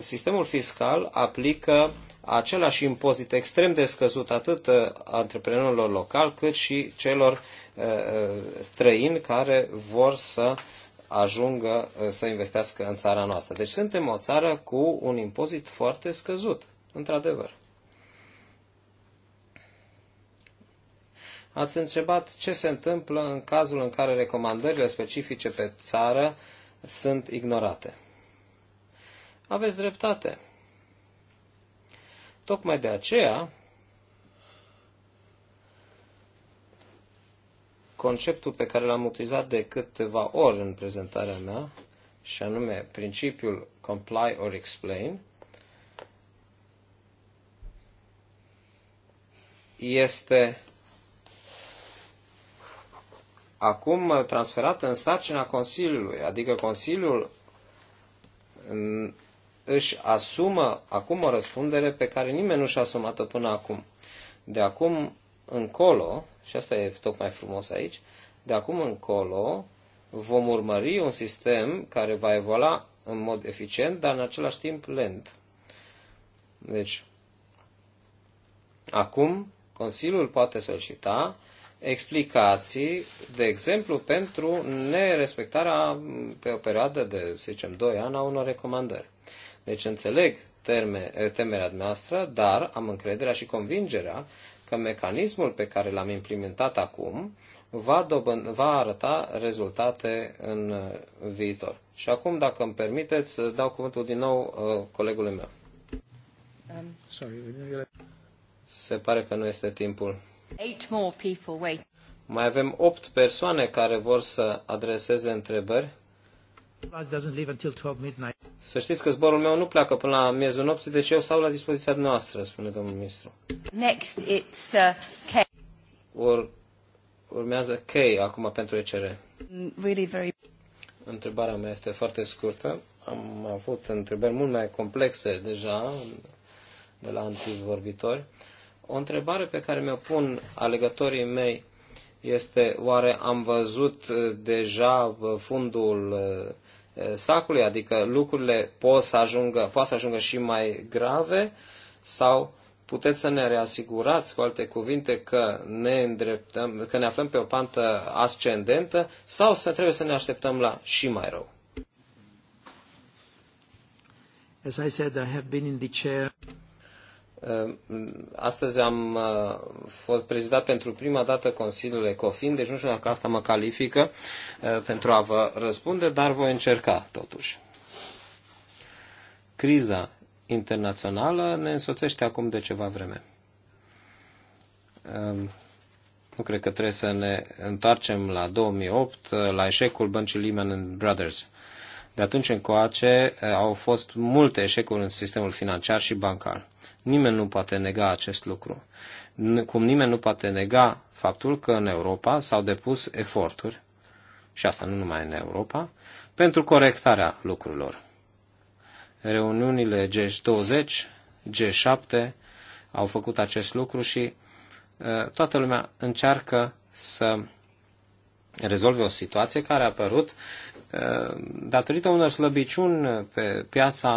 B: sistemul fiscal aplică același impozit extrem de scăzut atât uh, antreprenorilor locali cât și celor uh, uh, străini care vor să ajungă să investească în țara noastră. Deci suntem o țară cu un impozit foarte scăzut, într-adevăr. Ați întrebat ce se întâmplă în cazul în care recomandările specifice pe țară sunt ignorate. Aveți dreptate. Tocmai de aceea, conceptul pe care l-am utilizat de câteva ori în prezentarea mea, și anume principiul comply or explain, este acum transferat în sarcina Consiliului, adică Consiliul își asumă acum o răspundere pe care nimeni nu și-a asumat-o până acum. De acum încolo, și asta e tocmai frumos aici, de acum încolo vom urmări un sistem care va evolua în mod eficient, dar în același timp lent. Deci, acum Consiliul poate solicita explicații, de exemplu, pentru nerespectarea pe o perioadă de, să zicem, 2 ani a unor recomandări. Deci înțeleg terme, temerea noastră, dar am încrederea și convingerea că mecanismul pe care l-am implementat acum va, dobân, va arăta rezultate în uh, viitor. Și acum, dacă îmi permiteți, uh, dau cuvântul din nou uh, colegului meu. Um, Se pare că nu este timpul. Eight more people, wait. Mai avem opt persoane care vor să adreseze întrebări. Să știți că zborul meu nu pleacă până la miezul nopții, deci eu stau la dispoziția noastră, spune domnul ministru.
A: Next, it's uh, K.
B: Ur, urmează K acum pentru ECR. Really very... Întrebarea mea este foarte scurtă. Am avut întrebări mult mai complexe deja de la antivorbitori. O întrebare pe care mi-o pun alegătorii mei este oare am văzut uh, deja uh, fundul uh, Eh, sacului, adică lucrurile pot să ajungă, pot să ajungă și mai grave sau puteți să ne reasigurați, cu alte cuvinte, că ne îndreptăm, că ne aflăm pe o pantă ascendentă sau să trebuie să ne așteptăm la și mai rău. As I said, I have been in the chair. Ehm, astăzi am uh, fost prezidat pentru prima dată Consiliul Ecofin, deci nu știu dacă asta mă califică uh, pentru a vă răspunde, dar voi încerca totuși. Criza internațională ne însoțește acum de ceva vreme. Ehm, nu cred că trebuie să ne întoarcem la 2008, uh, la eșecul băncii Lehman Brothers. De atunci încoace au fost multe eșecuri în sistemul financiar și bancar. Nimeni nu poate nega acest lucru. Cum nimeni nu poate nega faptul că în Europa s-au depus eforturi, și asta nu numai în Europa, pentru corectarea lucrurilor. Reuniunile G20, G7 au făcut acest lucru și uh, toată lumea încearcă să rezolve o situație care a apărut Eh, datorită unor slăbiciuni pe piața,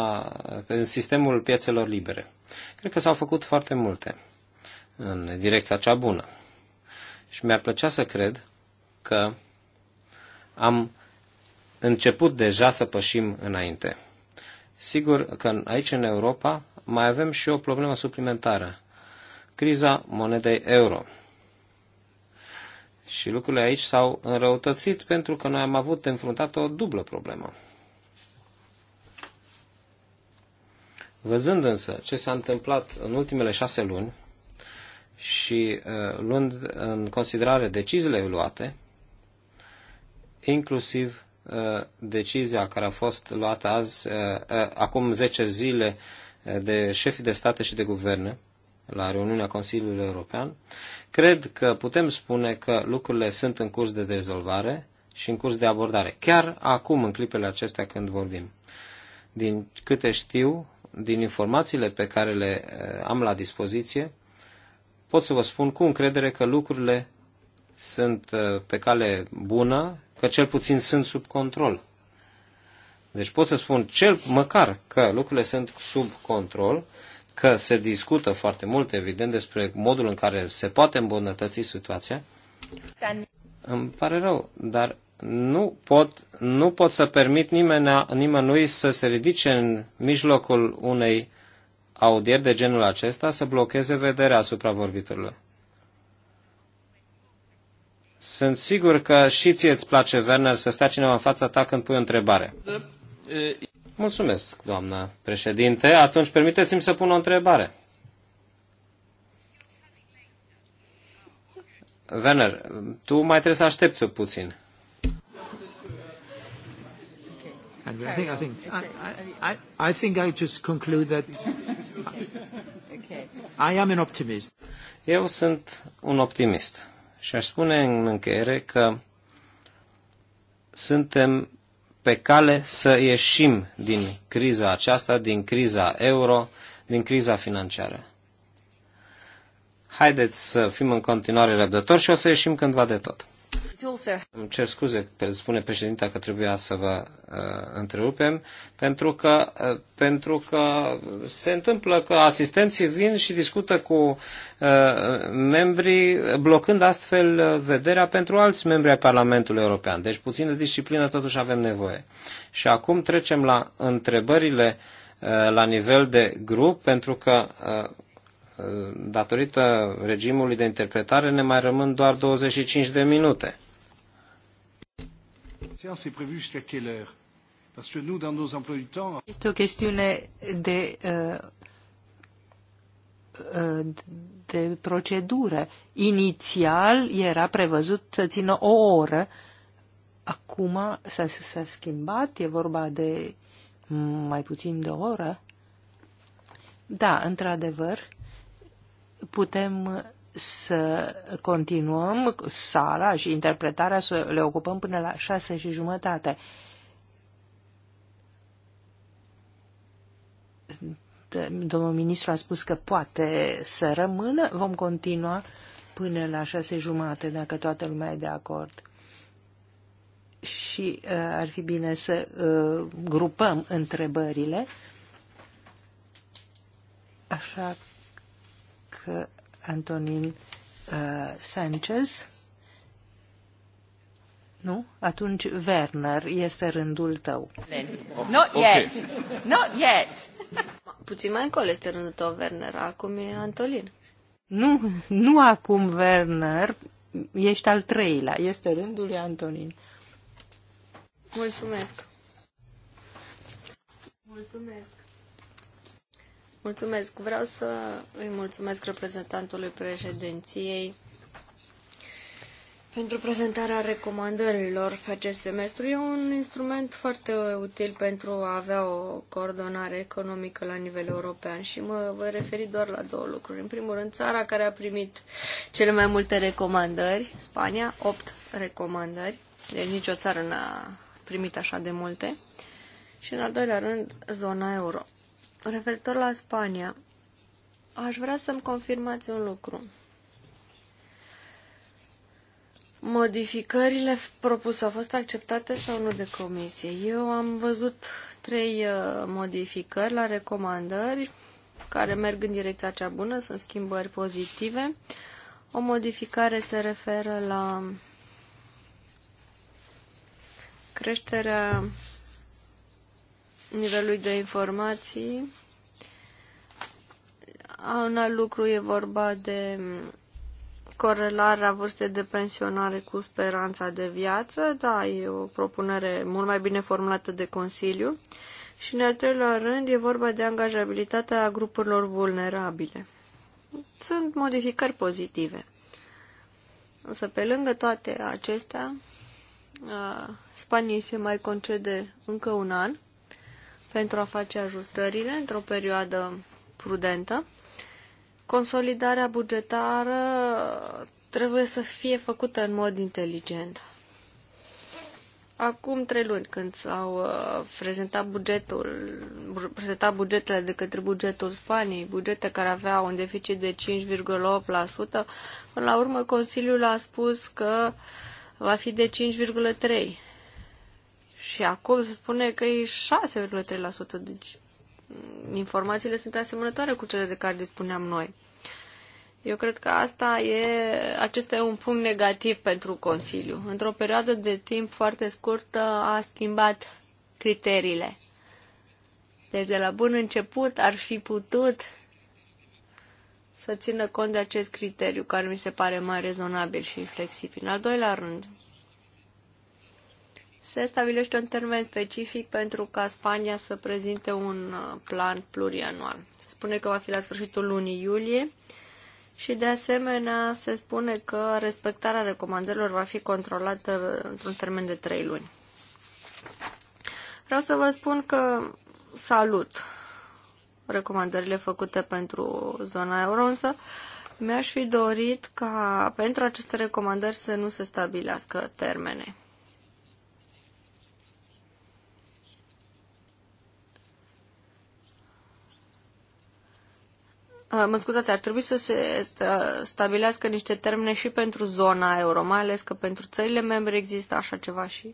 B: pe sistemul piețelor libere. Cred că s-au făcut foarte multe în direcția cea bună. Și mi-ar plăcea să cred că am început deja să pășim înainte. Sigur că aici în Europa mai avem și o problemă suplimentară. Criza monedei euro și lucrurile aici s-au înrăutățit pentru că noi am avut de înfruntat o dublă problemă. Văzând însă ce s-a întâmplat în ultimele șase luni și uh, luând în considerare deciziile luate, inclusiv uh, decizia care a fost luată azi, uh, uh acum 10 zile uh, de șefii de state și de guverne, la reuniunea Consiliului European, cred că putem spune că lucrurile sunt în curs de rezolvare și în curs de abordare, chiar acum, în clipele acestea când vorbim. Din câte știu, din informațiile pe care le eh, am la dispoziție, pot să vă spun cu încredere că lucrurile sunt eh, pe cale bună, că cel puțin sunt sub control. Deci pot să spun cel măcar că lucrurile sunt sub control că se discută foarte mult, evident, despre modul în care se poate îmbunătăți situația. Dan. Îmi pare rău, dar nu pot, nu pot să permit nimeni, nimănui să se ridice în mijlocul unei audieri de genul acesta să blocheze vederea asupra vorbitorilor. Sunt sigur că și ție îți place, Werner, să stea cineva în fața ta când pui o întrebare. Eh, Mulțumesc, doamnă președinte. Atunci permiteți-mi să pun o întrebare. Werner, tu mai trebuie să aștepți puțin. I think I think
A: I,
B: I think I just conclude that I am an optimist. Eu sunt un optimist și aș spune în încheiere că suntem pe cale să ieșim din criza aceasta, din criza euro, din criza financiară. Haideți să fim în continuare răbdători și o să ieșim cândva de tot. Îmi cer scuze, spune președinta că trebuia să vă uh, întrerupem, pentru că, uh, pentru că se întâmplă că asistenții vin și discută cu uh, membrii, blocând astfel uh, vederea pentru alți membri ai Parlamentului European. Deci puțin de disciplină totuși avem nevoie. Și acum trecem la întrebările uh, la nivel de grup, pentru că uh, datorită regimului de interpretare, ne mai rămân doar 25 de minute.
A: Este o chestiune de, uh, uh, de procedură. Inițial era prevăzut să țină o oră, acum s-a, s-a schimbat, e vorba de mai puțin de o oră. Da, într-adevăr, putem să continuăm sala și interpretarea, să le ocupăm până la șase și jumătate. Domnul ministru a spus că poate să rămână. Vom continua până la șase jumate, dacă toată lumea e de acord. Și uh, ar fi bine să uh, grupăm întrebările. Așa Antonin uh, Sanchez. Nu? Atunci, Werner, este rândul tău.
C: Not yet! Not yet! Puțin mai încolo este rândul tău, Werner. Acum e Antolin.
A: Nu, nu acum, Werner. Ești al treilea. Este rândul lui Antonin.
C: Mulțumesc! Mulțumesc! Mulțumesc. Vreau să îi mulțumesc reprezentantului președinției pentru prezentarea recomandărilor pe acest semestru. E un instrument foarte util pentru a avea o coordonare economică la nivel european și mă voi referi doar la două lucruri. În primul rând, țara care a primit cele mai multe recomandări, Spania, 8 recomandări, deci nicio țară n-a primit așa de multe. Și în al doilea rând, zona euro. Referitor la Spania, aș vrea să-mi confirmați un lucru. Modificările propuse au fost acceptate sau nu de comisie? Eu am văzut trei uh, modificări la recomandări care merg în direcția cea bună, sunt schimbări pozitive. O modificare se referă la creșterea nivelului de informații. Un alt lucru e vorba de corelarea vârstei de pensionare cu speranța de viață. Da, e o propunere mult mai bine formulată de Consiliu. Și în al treilea rând e vorba de angajabilitatea grupurilor vulnerabile. Sunt modificări pozitive. Însă pe lângă toate acestea, Spaniei se mai concede încă un an pentru a face ajustările într-o perioadă prudentă. Consolidarea bugetară trebuie să fie făcută în mod inteligent. Acum trei luni, când s-au uh, prezentat bugetul, prezentat bugetele de către bugetul Spaniei, bugete care aveau un deficit de 5,8%, până la urmă Consiliul a spus că va fi de 5,3%. Și acolo se spune că e 6,3%, deci mm, informațiile sunt asemănătoare cu cele de care dispuneam noi. Eu cred că asta e, acesta e un punct negativ pentru Consiliu. Într-o perioadă de timp foarte scurtă a schimbat criteriile. Deci de la bun început ar fi putut să țină cont de acest criteriu care mi se pare mai rezonabil și flexibil. În al doilea rând, se stabilește un termen specific pentru ca Spania să prezinte un uh, plan plurianual. Se spune că va fi la sfârșitul lunii iulie și de asemenea se spune că respectarea recomandărilor va fi controlată într-un termen de trei luni. Vreau să vă spun că salut recomandările făcute pentru zona euro, însă mi-aș fi dorit ca pentru aceste recomandări să nu se stabilească termene. Uh, mă scuzați, ar trebui să se uh, stabilească niște termene și pentru zona euro, mai ales că pentru țările membre există așa ceva și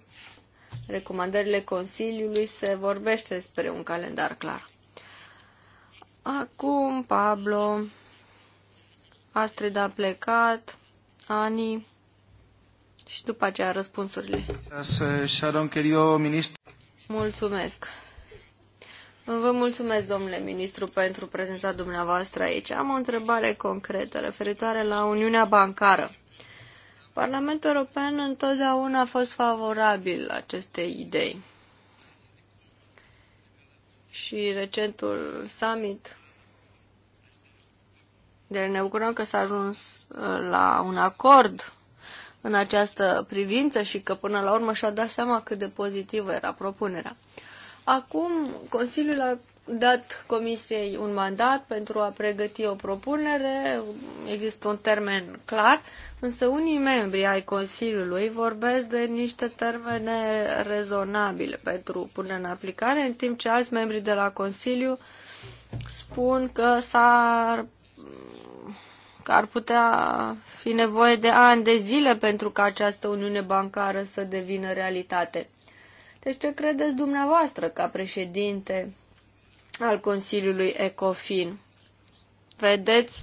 C: recomandările Consiliului se vorbește despre un calendar clar. Acum, Pablo, Astrid a plecat, Ani și după aceea răspunsurile. Mulțumesc. Vă mulțumesc, domnule ministru, pentru prezența dumneavoastră aici. Am o întrebare concretă referitoare la Uniunea Bancară. Parlamentul European întotdeauna a fost favorabil acestei idei. Și recentul summit de ne bucurăm că s-a ajuns uh, la un acord în această privință și că până la urmă și-a dat seama cât de pozitivă era propunerea. Acum Consiliul a dat Comisiei un mandat pentru a pregăti o propunere, există un termen clar, însă unii membri ai Consiliului vorbesc de niște termene rezonabile pentru punerea în aplicare, în timp ce alți membri de la Consiliu spun că s-ar că ar putea fi nevoie de ani de zile pentru ca această uniune bancară să devină realitate. Deci ce credeți dumneavoastră ca președinte al Consiliului ECOFIN? Vedeți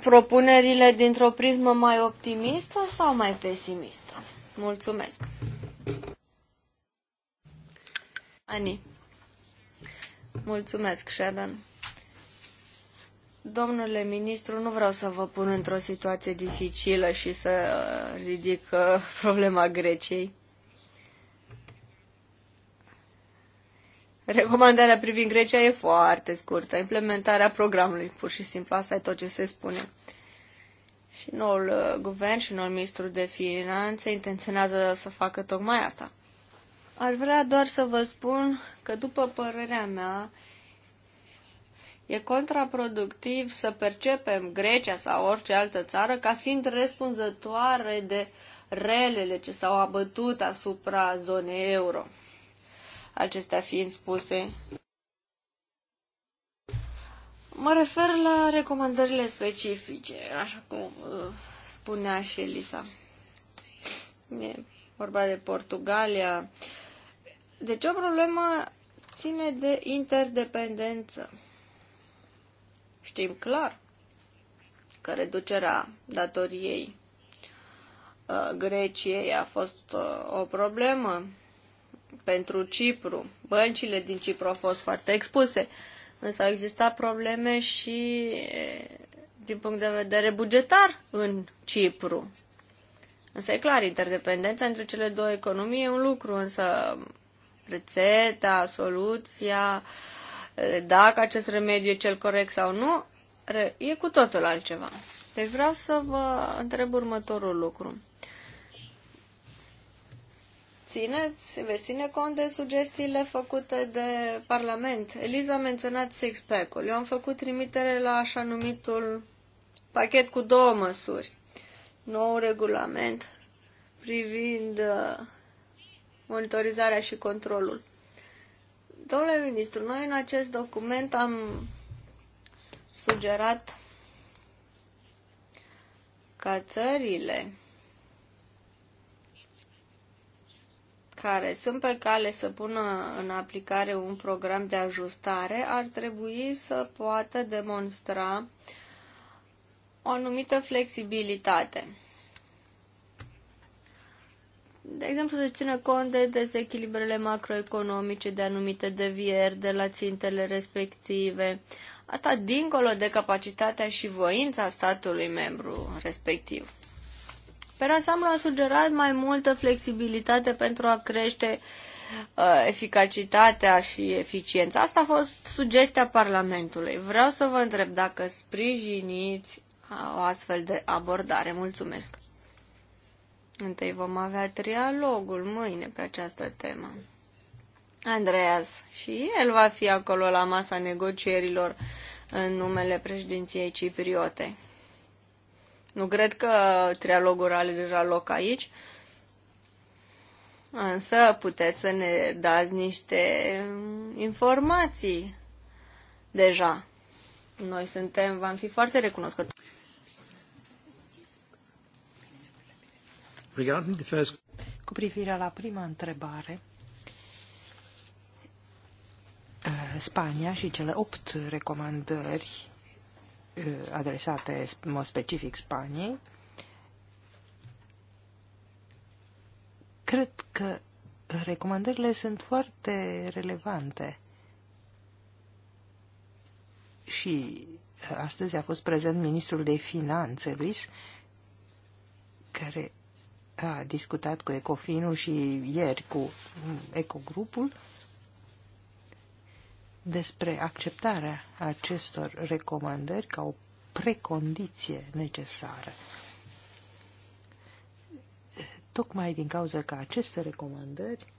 C: propunerile dintr-o prismă mai optimistă sau mai pesimistă? Mulțumesc! Ani. Mulțumesc, Sharon. Domnule ministru, nu vreau să vă pun într-o situație dificilă și să ridic uh, problema Greciei. Recomandarea privind Grecia e foarte scurtă. Implementarea programului, pur și simplu, asta e tot ce se spune. Și noul uh, guvern și noul ministru de finanțe intenționează să facă tocmai asta. Aș vrea doar să vă spun că, după părerea mea, e contraproductiv să percepem Grecia sau orice altă țară ca fiind răspunzătoare de relele ce s-au abătut asupra zonei euro. Acestea fiind spuse, mă refer la recomandările specifice, așa cum uh, spunea și Elisa. E vorba de Portugalia. Deci o problemă ține de interdependență. Știm clar că reducerea datoriei uh, Greciei a fost uh, o problemă pentru Cipru. Băncile din Cipru au fost foarte expuse, însă au existat probleme și din punct de vedere bugetar în Cipru. Însă e clar, interdependența între cele două economii e un lucru, însă rețeta, soluția, dacă acest remediu e cel corect sau nu, e cu totul altceva. Deci vreau să vă întreb următorul lucru țineți, veți ține cont de sugestiile făcute de Parlament. Eliza a menționat six-pack-ul. Eu am făcut trimitere la așa numitul pachet cu două măsuri. Nou regulament privind uh, monitorizarea și controlul. Domnule ministru, noi în acest document am sugerat ca țările care sunt pe cale să pună în aplicare un program de ajustare ar trebui să poată demonstra o anumită flexibilitate. De exemplu, să țină cont de dezechilibrele macroeconomice, de anumite devieri de la țintele respective. Asta dincolo de capacitatea și voința statului membru respectiv. Per ansamblu a sugerat mai multă flexibilitate pentru a crește uh, eficacitatea și eficiența. Asta a fost sugestia Parlamentului. Vreau să vă întreb dacă sprijiniți uh, o astfel de abordare. Mulțumesc! Întâi vom avea trialogul mâine pe această temă. Andreas și el va fi acolo la masa negocierilor în numele președinției cipriote. Nu cred că trialogul are deja loc aici, însă puteți să ne dați niște informații deja. Noi suntem, v-am fi foarte recunoscători. Cu privire la prima
A: întrebare, Spania și cele opt recomandări Eh, adresate în mod specific Spaniei, cred că recomandările sunt foarte relevante. Și eh, astăzi a fost prezent ministrul de finanțe, Luis, care a discutat cu Ecofinu și ieri cu mm, Ecogrupul despre acceptarea acestor recomandări ca o precondiție necesară. Tocmai din cauza că aceste recomandări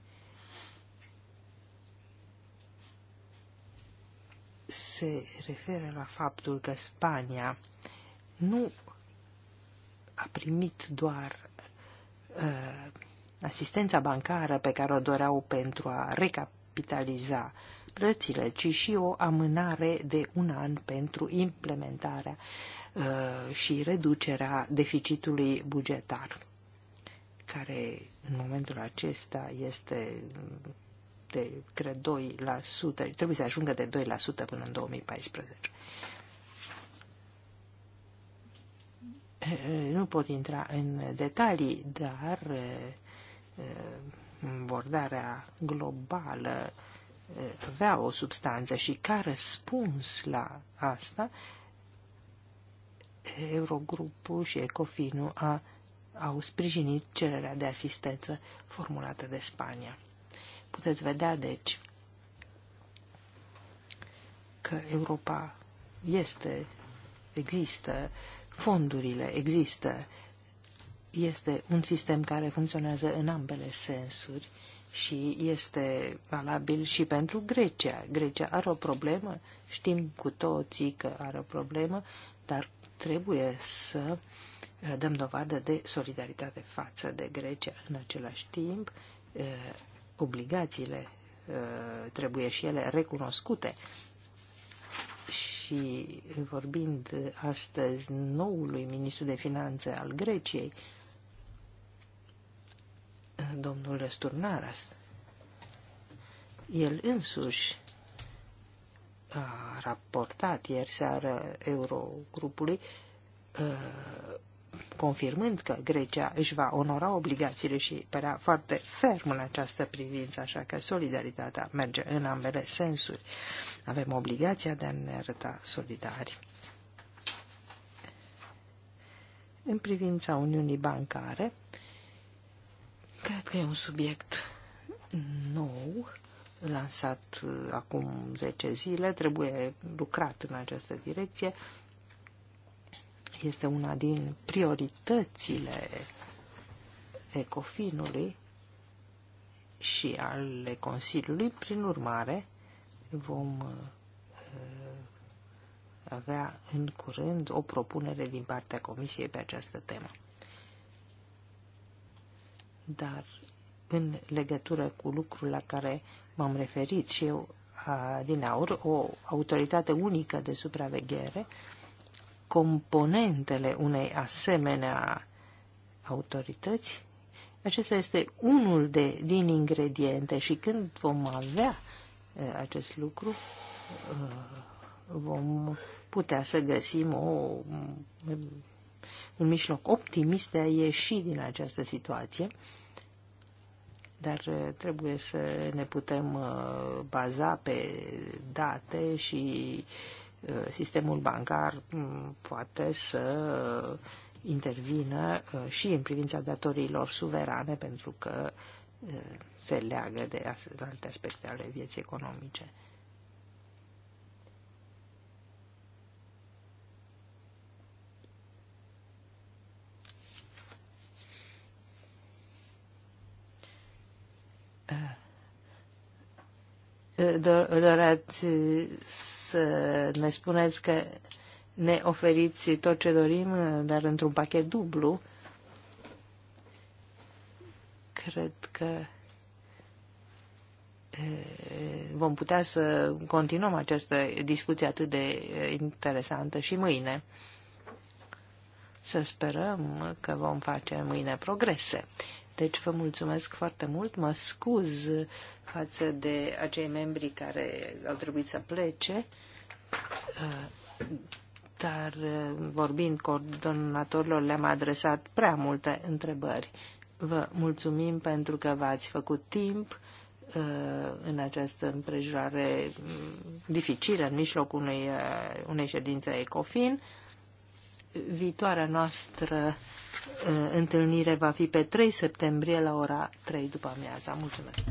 A: se referă la faptul că Spania nu a primit doar uh, asistența bancară pe care o doreau pentru a recapitaliza uh, plățile, ci și o amânare de un an pentru implementarea uh, și reducerea deficitului bugetar, care în momentul acesta este de, cred, 2%, trebuie să ajungă de 2% până în 2014. Uh, nu pot intra în detalii, dar uh, abordarea globală avea o substanță și ca răspuns la asta, Eurogrupul și Ecofinul a, au sprijinit cererea de asistență formulată de Spania. Puteți vedea, deci, că Europa este, există, fondurile există, este un sistem care funcționează în ambele sensuri și este valabil și pentru Grecia. Grecia are o problemă, știm cu toții că are o problemă, dar trebuie să eh, dăm dovadă de solidaritate față de Grecia. În același timp, eh, obligațiile eh, trebuie și ele recunoscute. Și vorbind astăzi noului ministru de finanțe al Greciei, domnul Sturnaras. El însuși a raportat ieri seară Eurogrupului confirmând că Grecia își va onora obligațiile și părea foarte ferm în această privință, așa că solidaritatea merge în ambele sensuri. Avem obligația de a ne arăta solidari. În privința Uniunii Bancare, Cred că e un subiect nou, lansat uh, acum 10 zile, trebuie lucrat în această direcție. Este una din prioritățile Ecofinului și ale Consiliului. Prin urmare, vom uh, avea în curând o propunere din partea Comisiei pe această temă dar în legătură cu lucrul la care m-am referit și eu a, din aur, o autoritate unică de supraveghere, componentele unei asemenea autorități, acesta este unul de, din ingrediente și când vom avea acest lucru, vom putea să găsim o un mijloc optimist de a ieși din această situație, dar uh, trebuie să ne putem uh, baza pe date și uh, sistemul bancar mm, poate să intervină și în privința datoriilor suverane, pentru că se leagă de alte aspecte ale vieții economice. Da. do, doreați să ne spuneți că ne oferiți tot ce dorim, dar într-un pachet dublu. Cred că vom putea să continuăm această discuție atât de interesantă și mâine. Să sperăm că vom face mâine progrese. Deci vă mulțumesc foarte mult, mă scuz față de acei membri care au trebuit să plece, dar vorbind coordonatorilor le-am adresat prea multe întrebări. Vă mulțumim pentru că v-ați făcut timp uh, în această împrejurare mm, dificilă, în mijlocul unei, uh, unei ședințe ECOFIN. Viitoarea noastră uh, întâlnire va fi pe 3 septembrie la ora 3 după amiaza. Mulțumesc!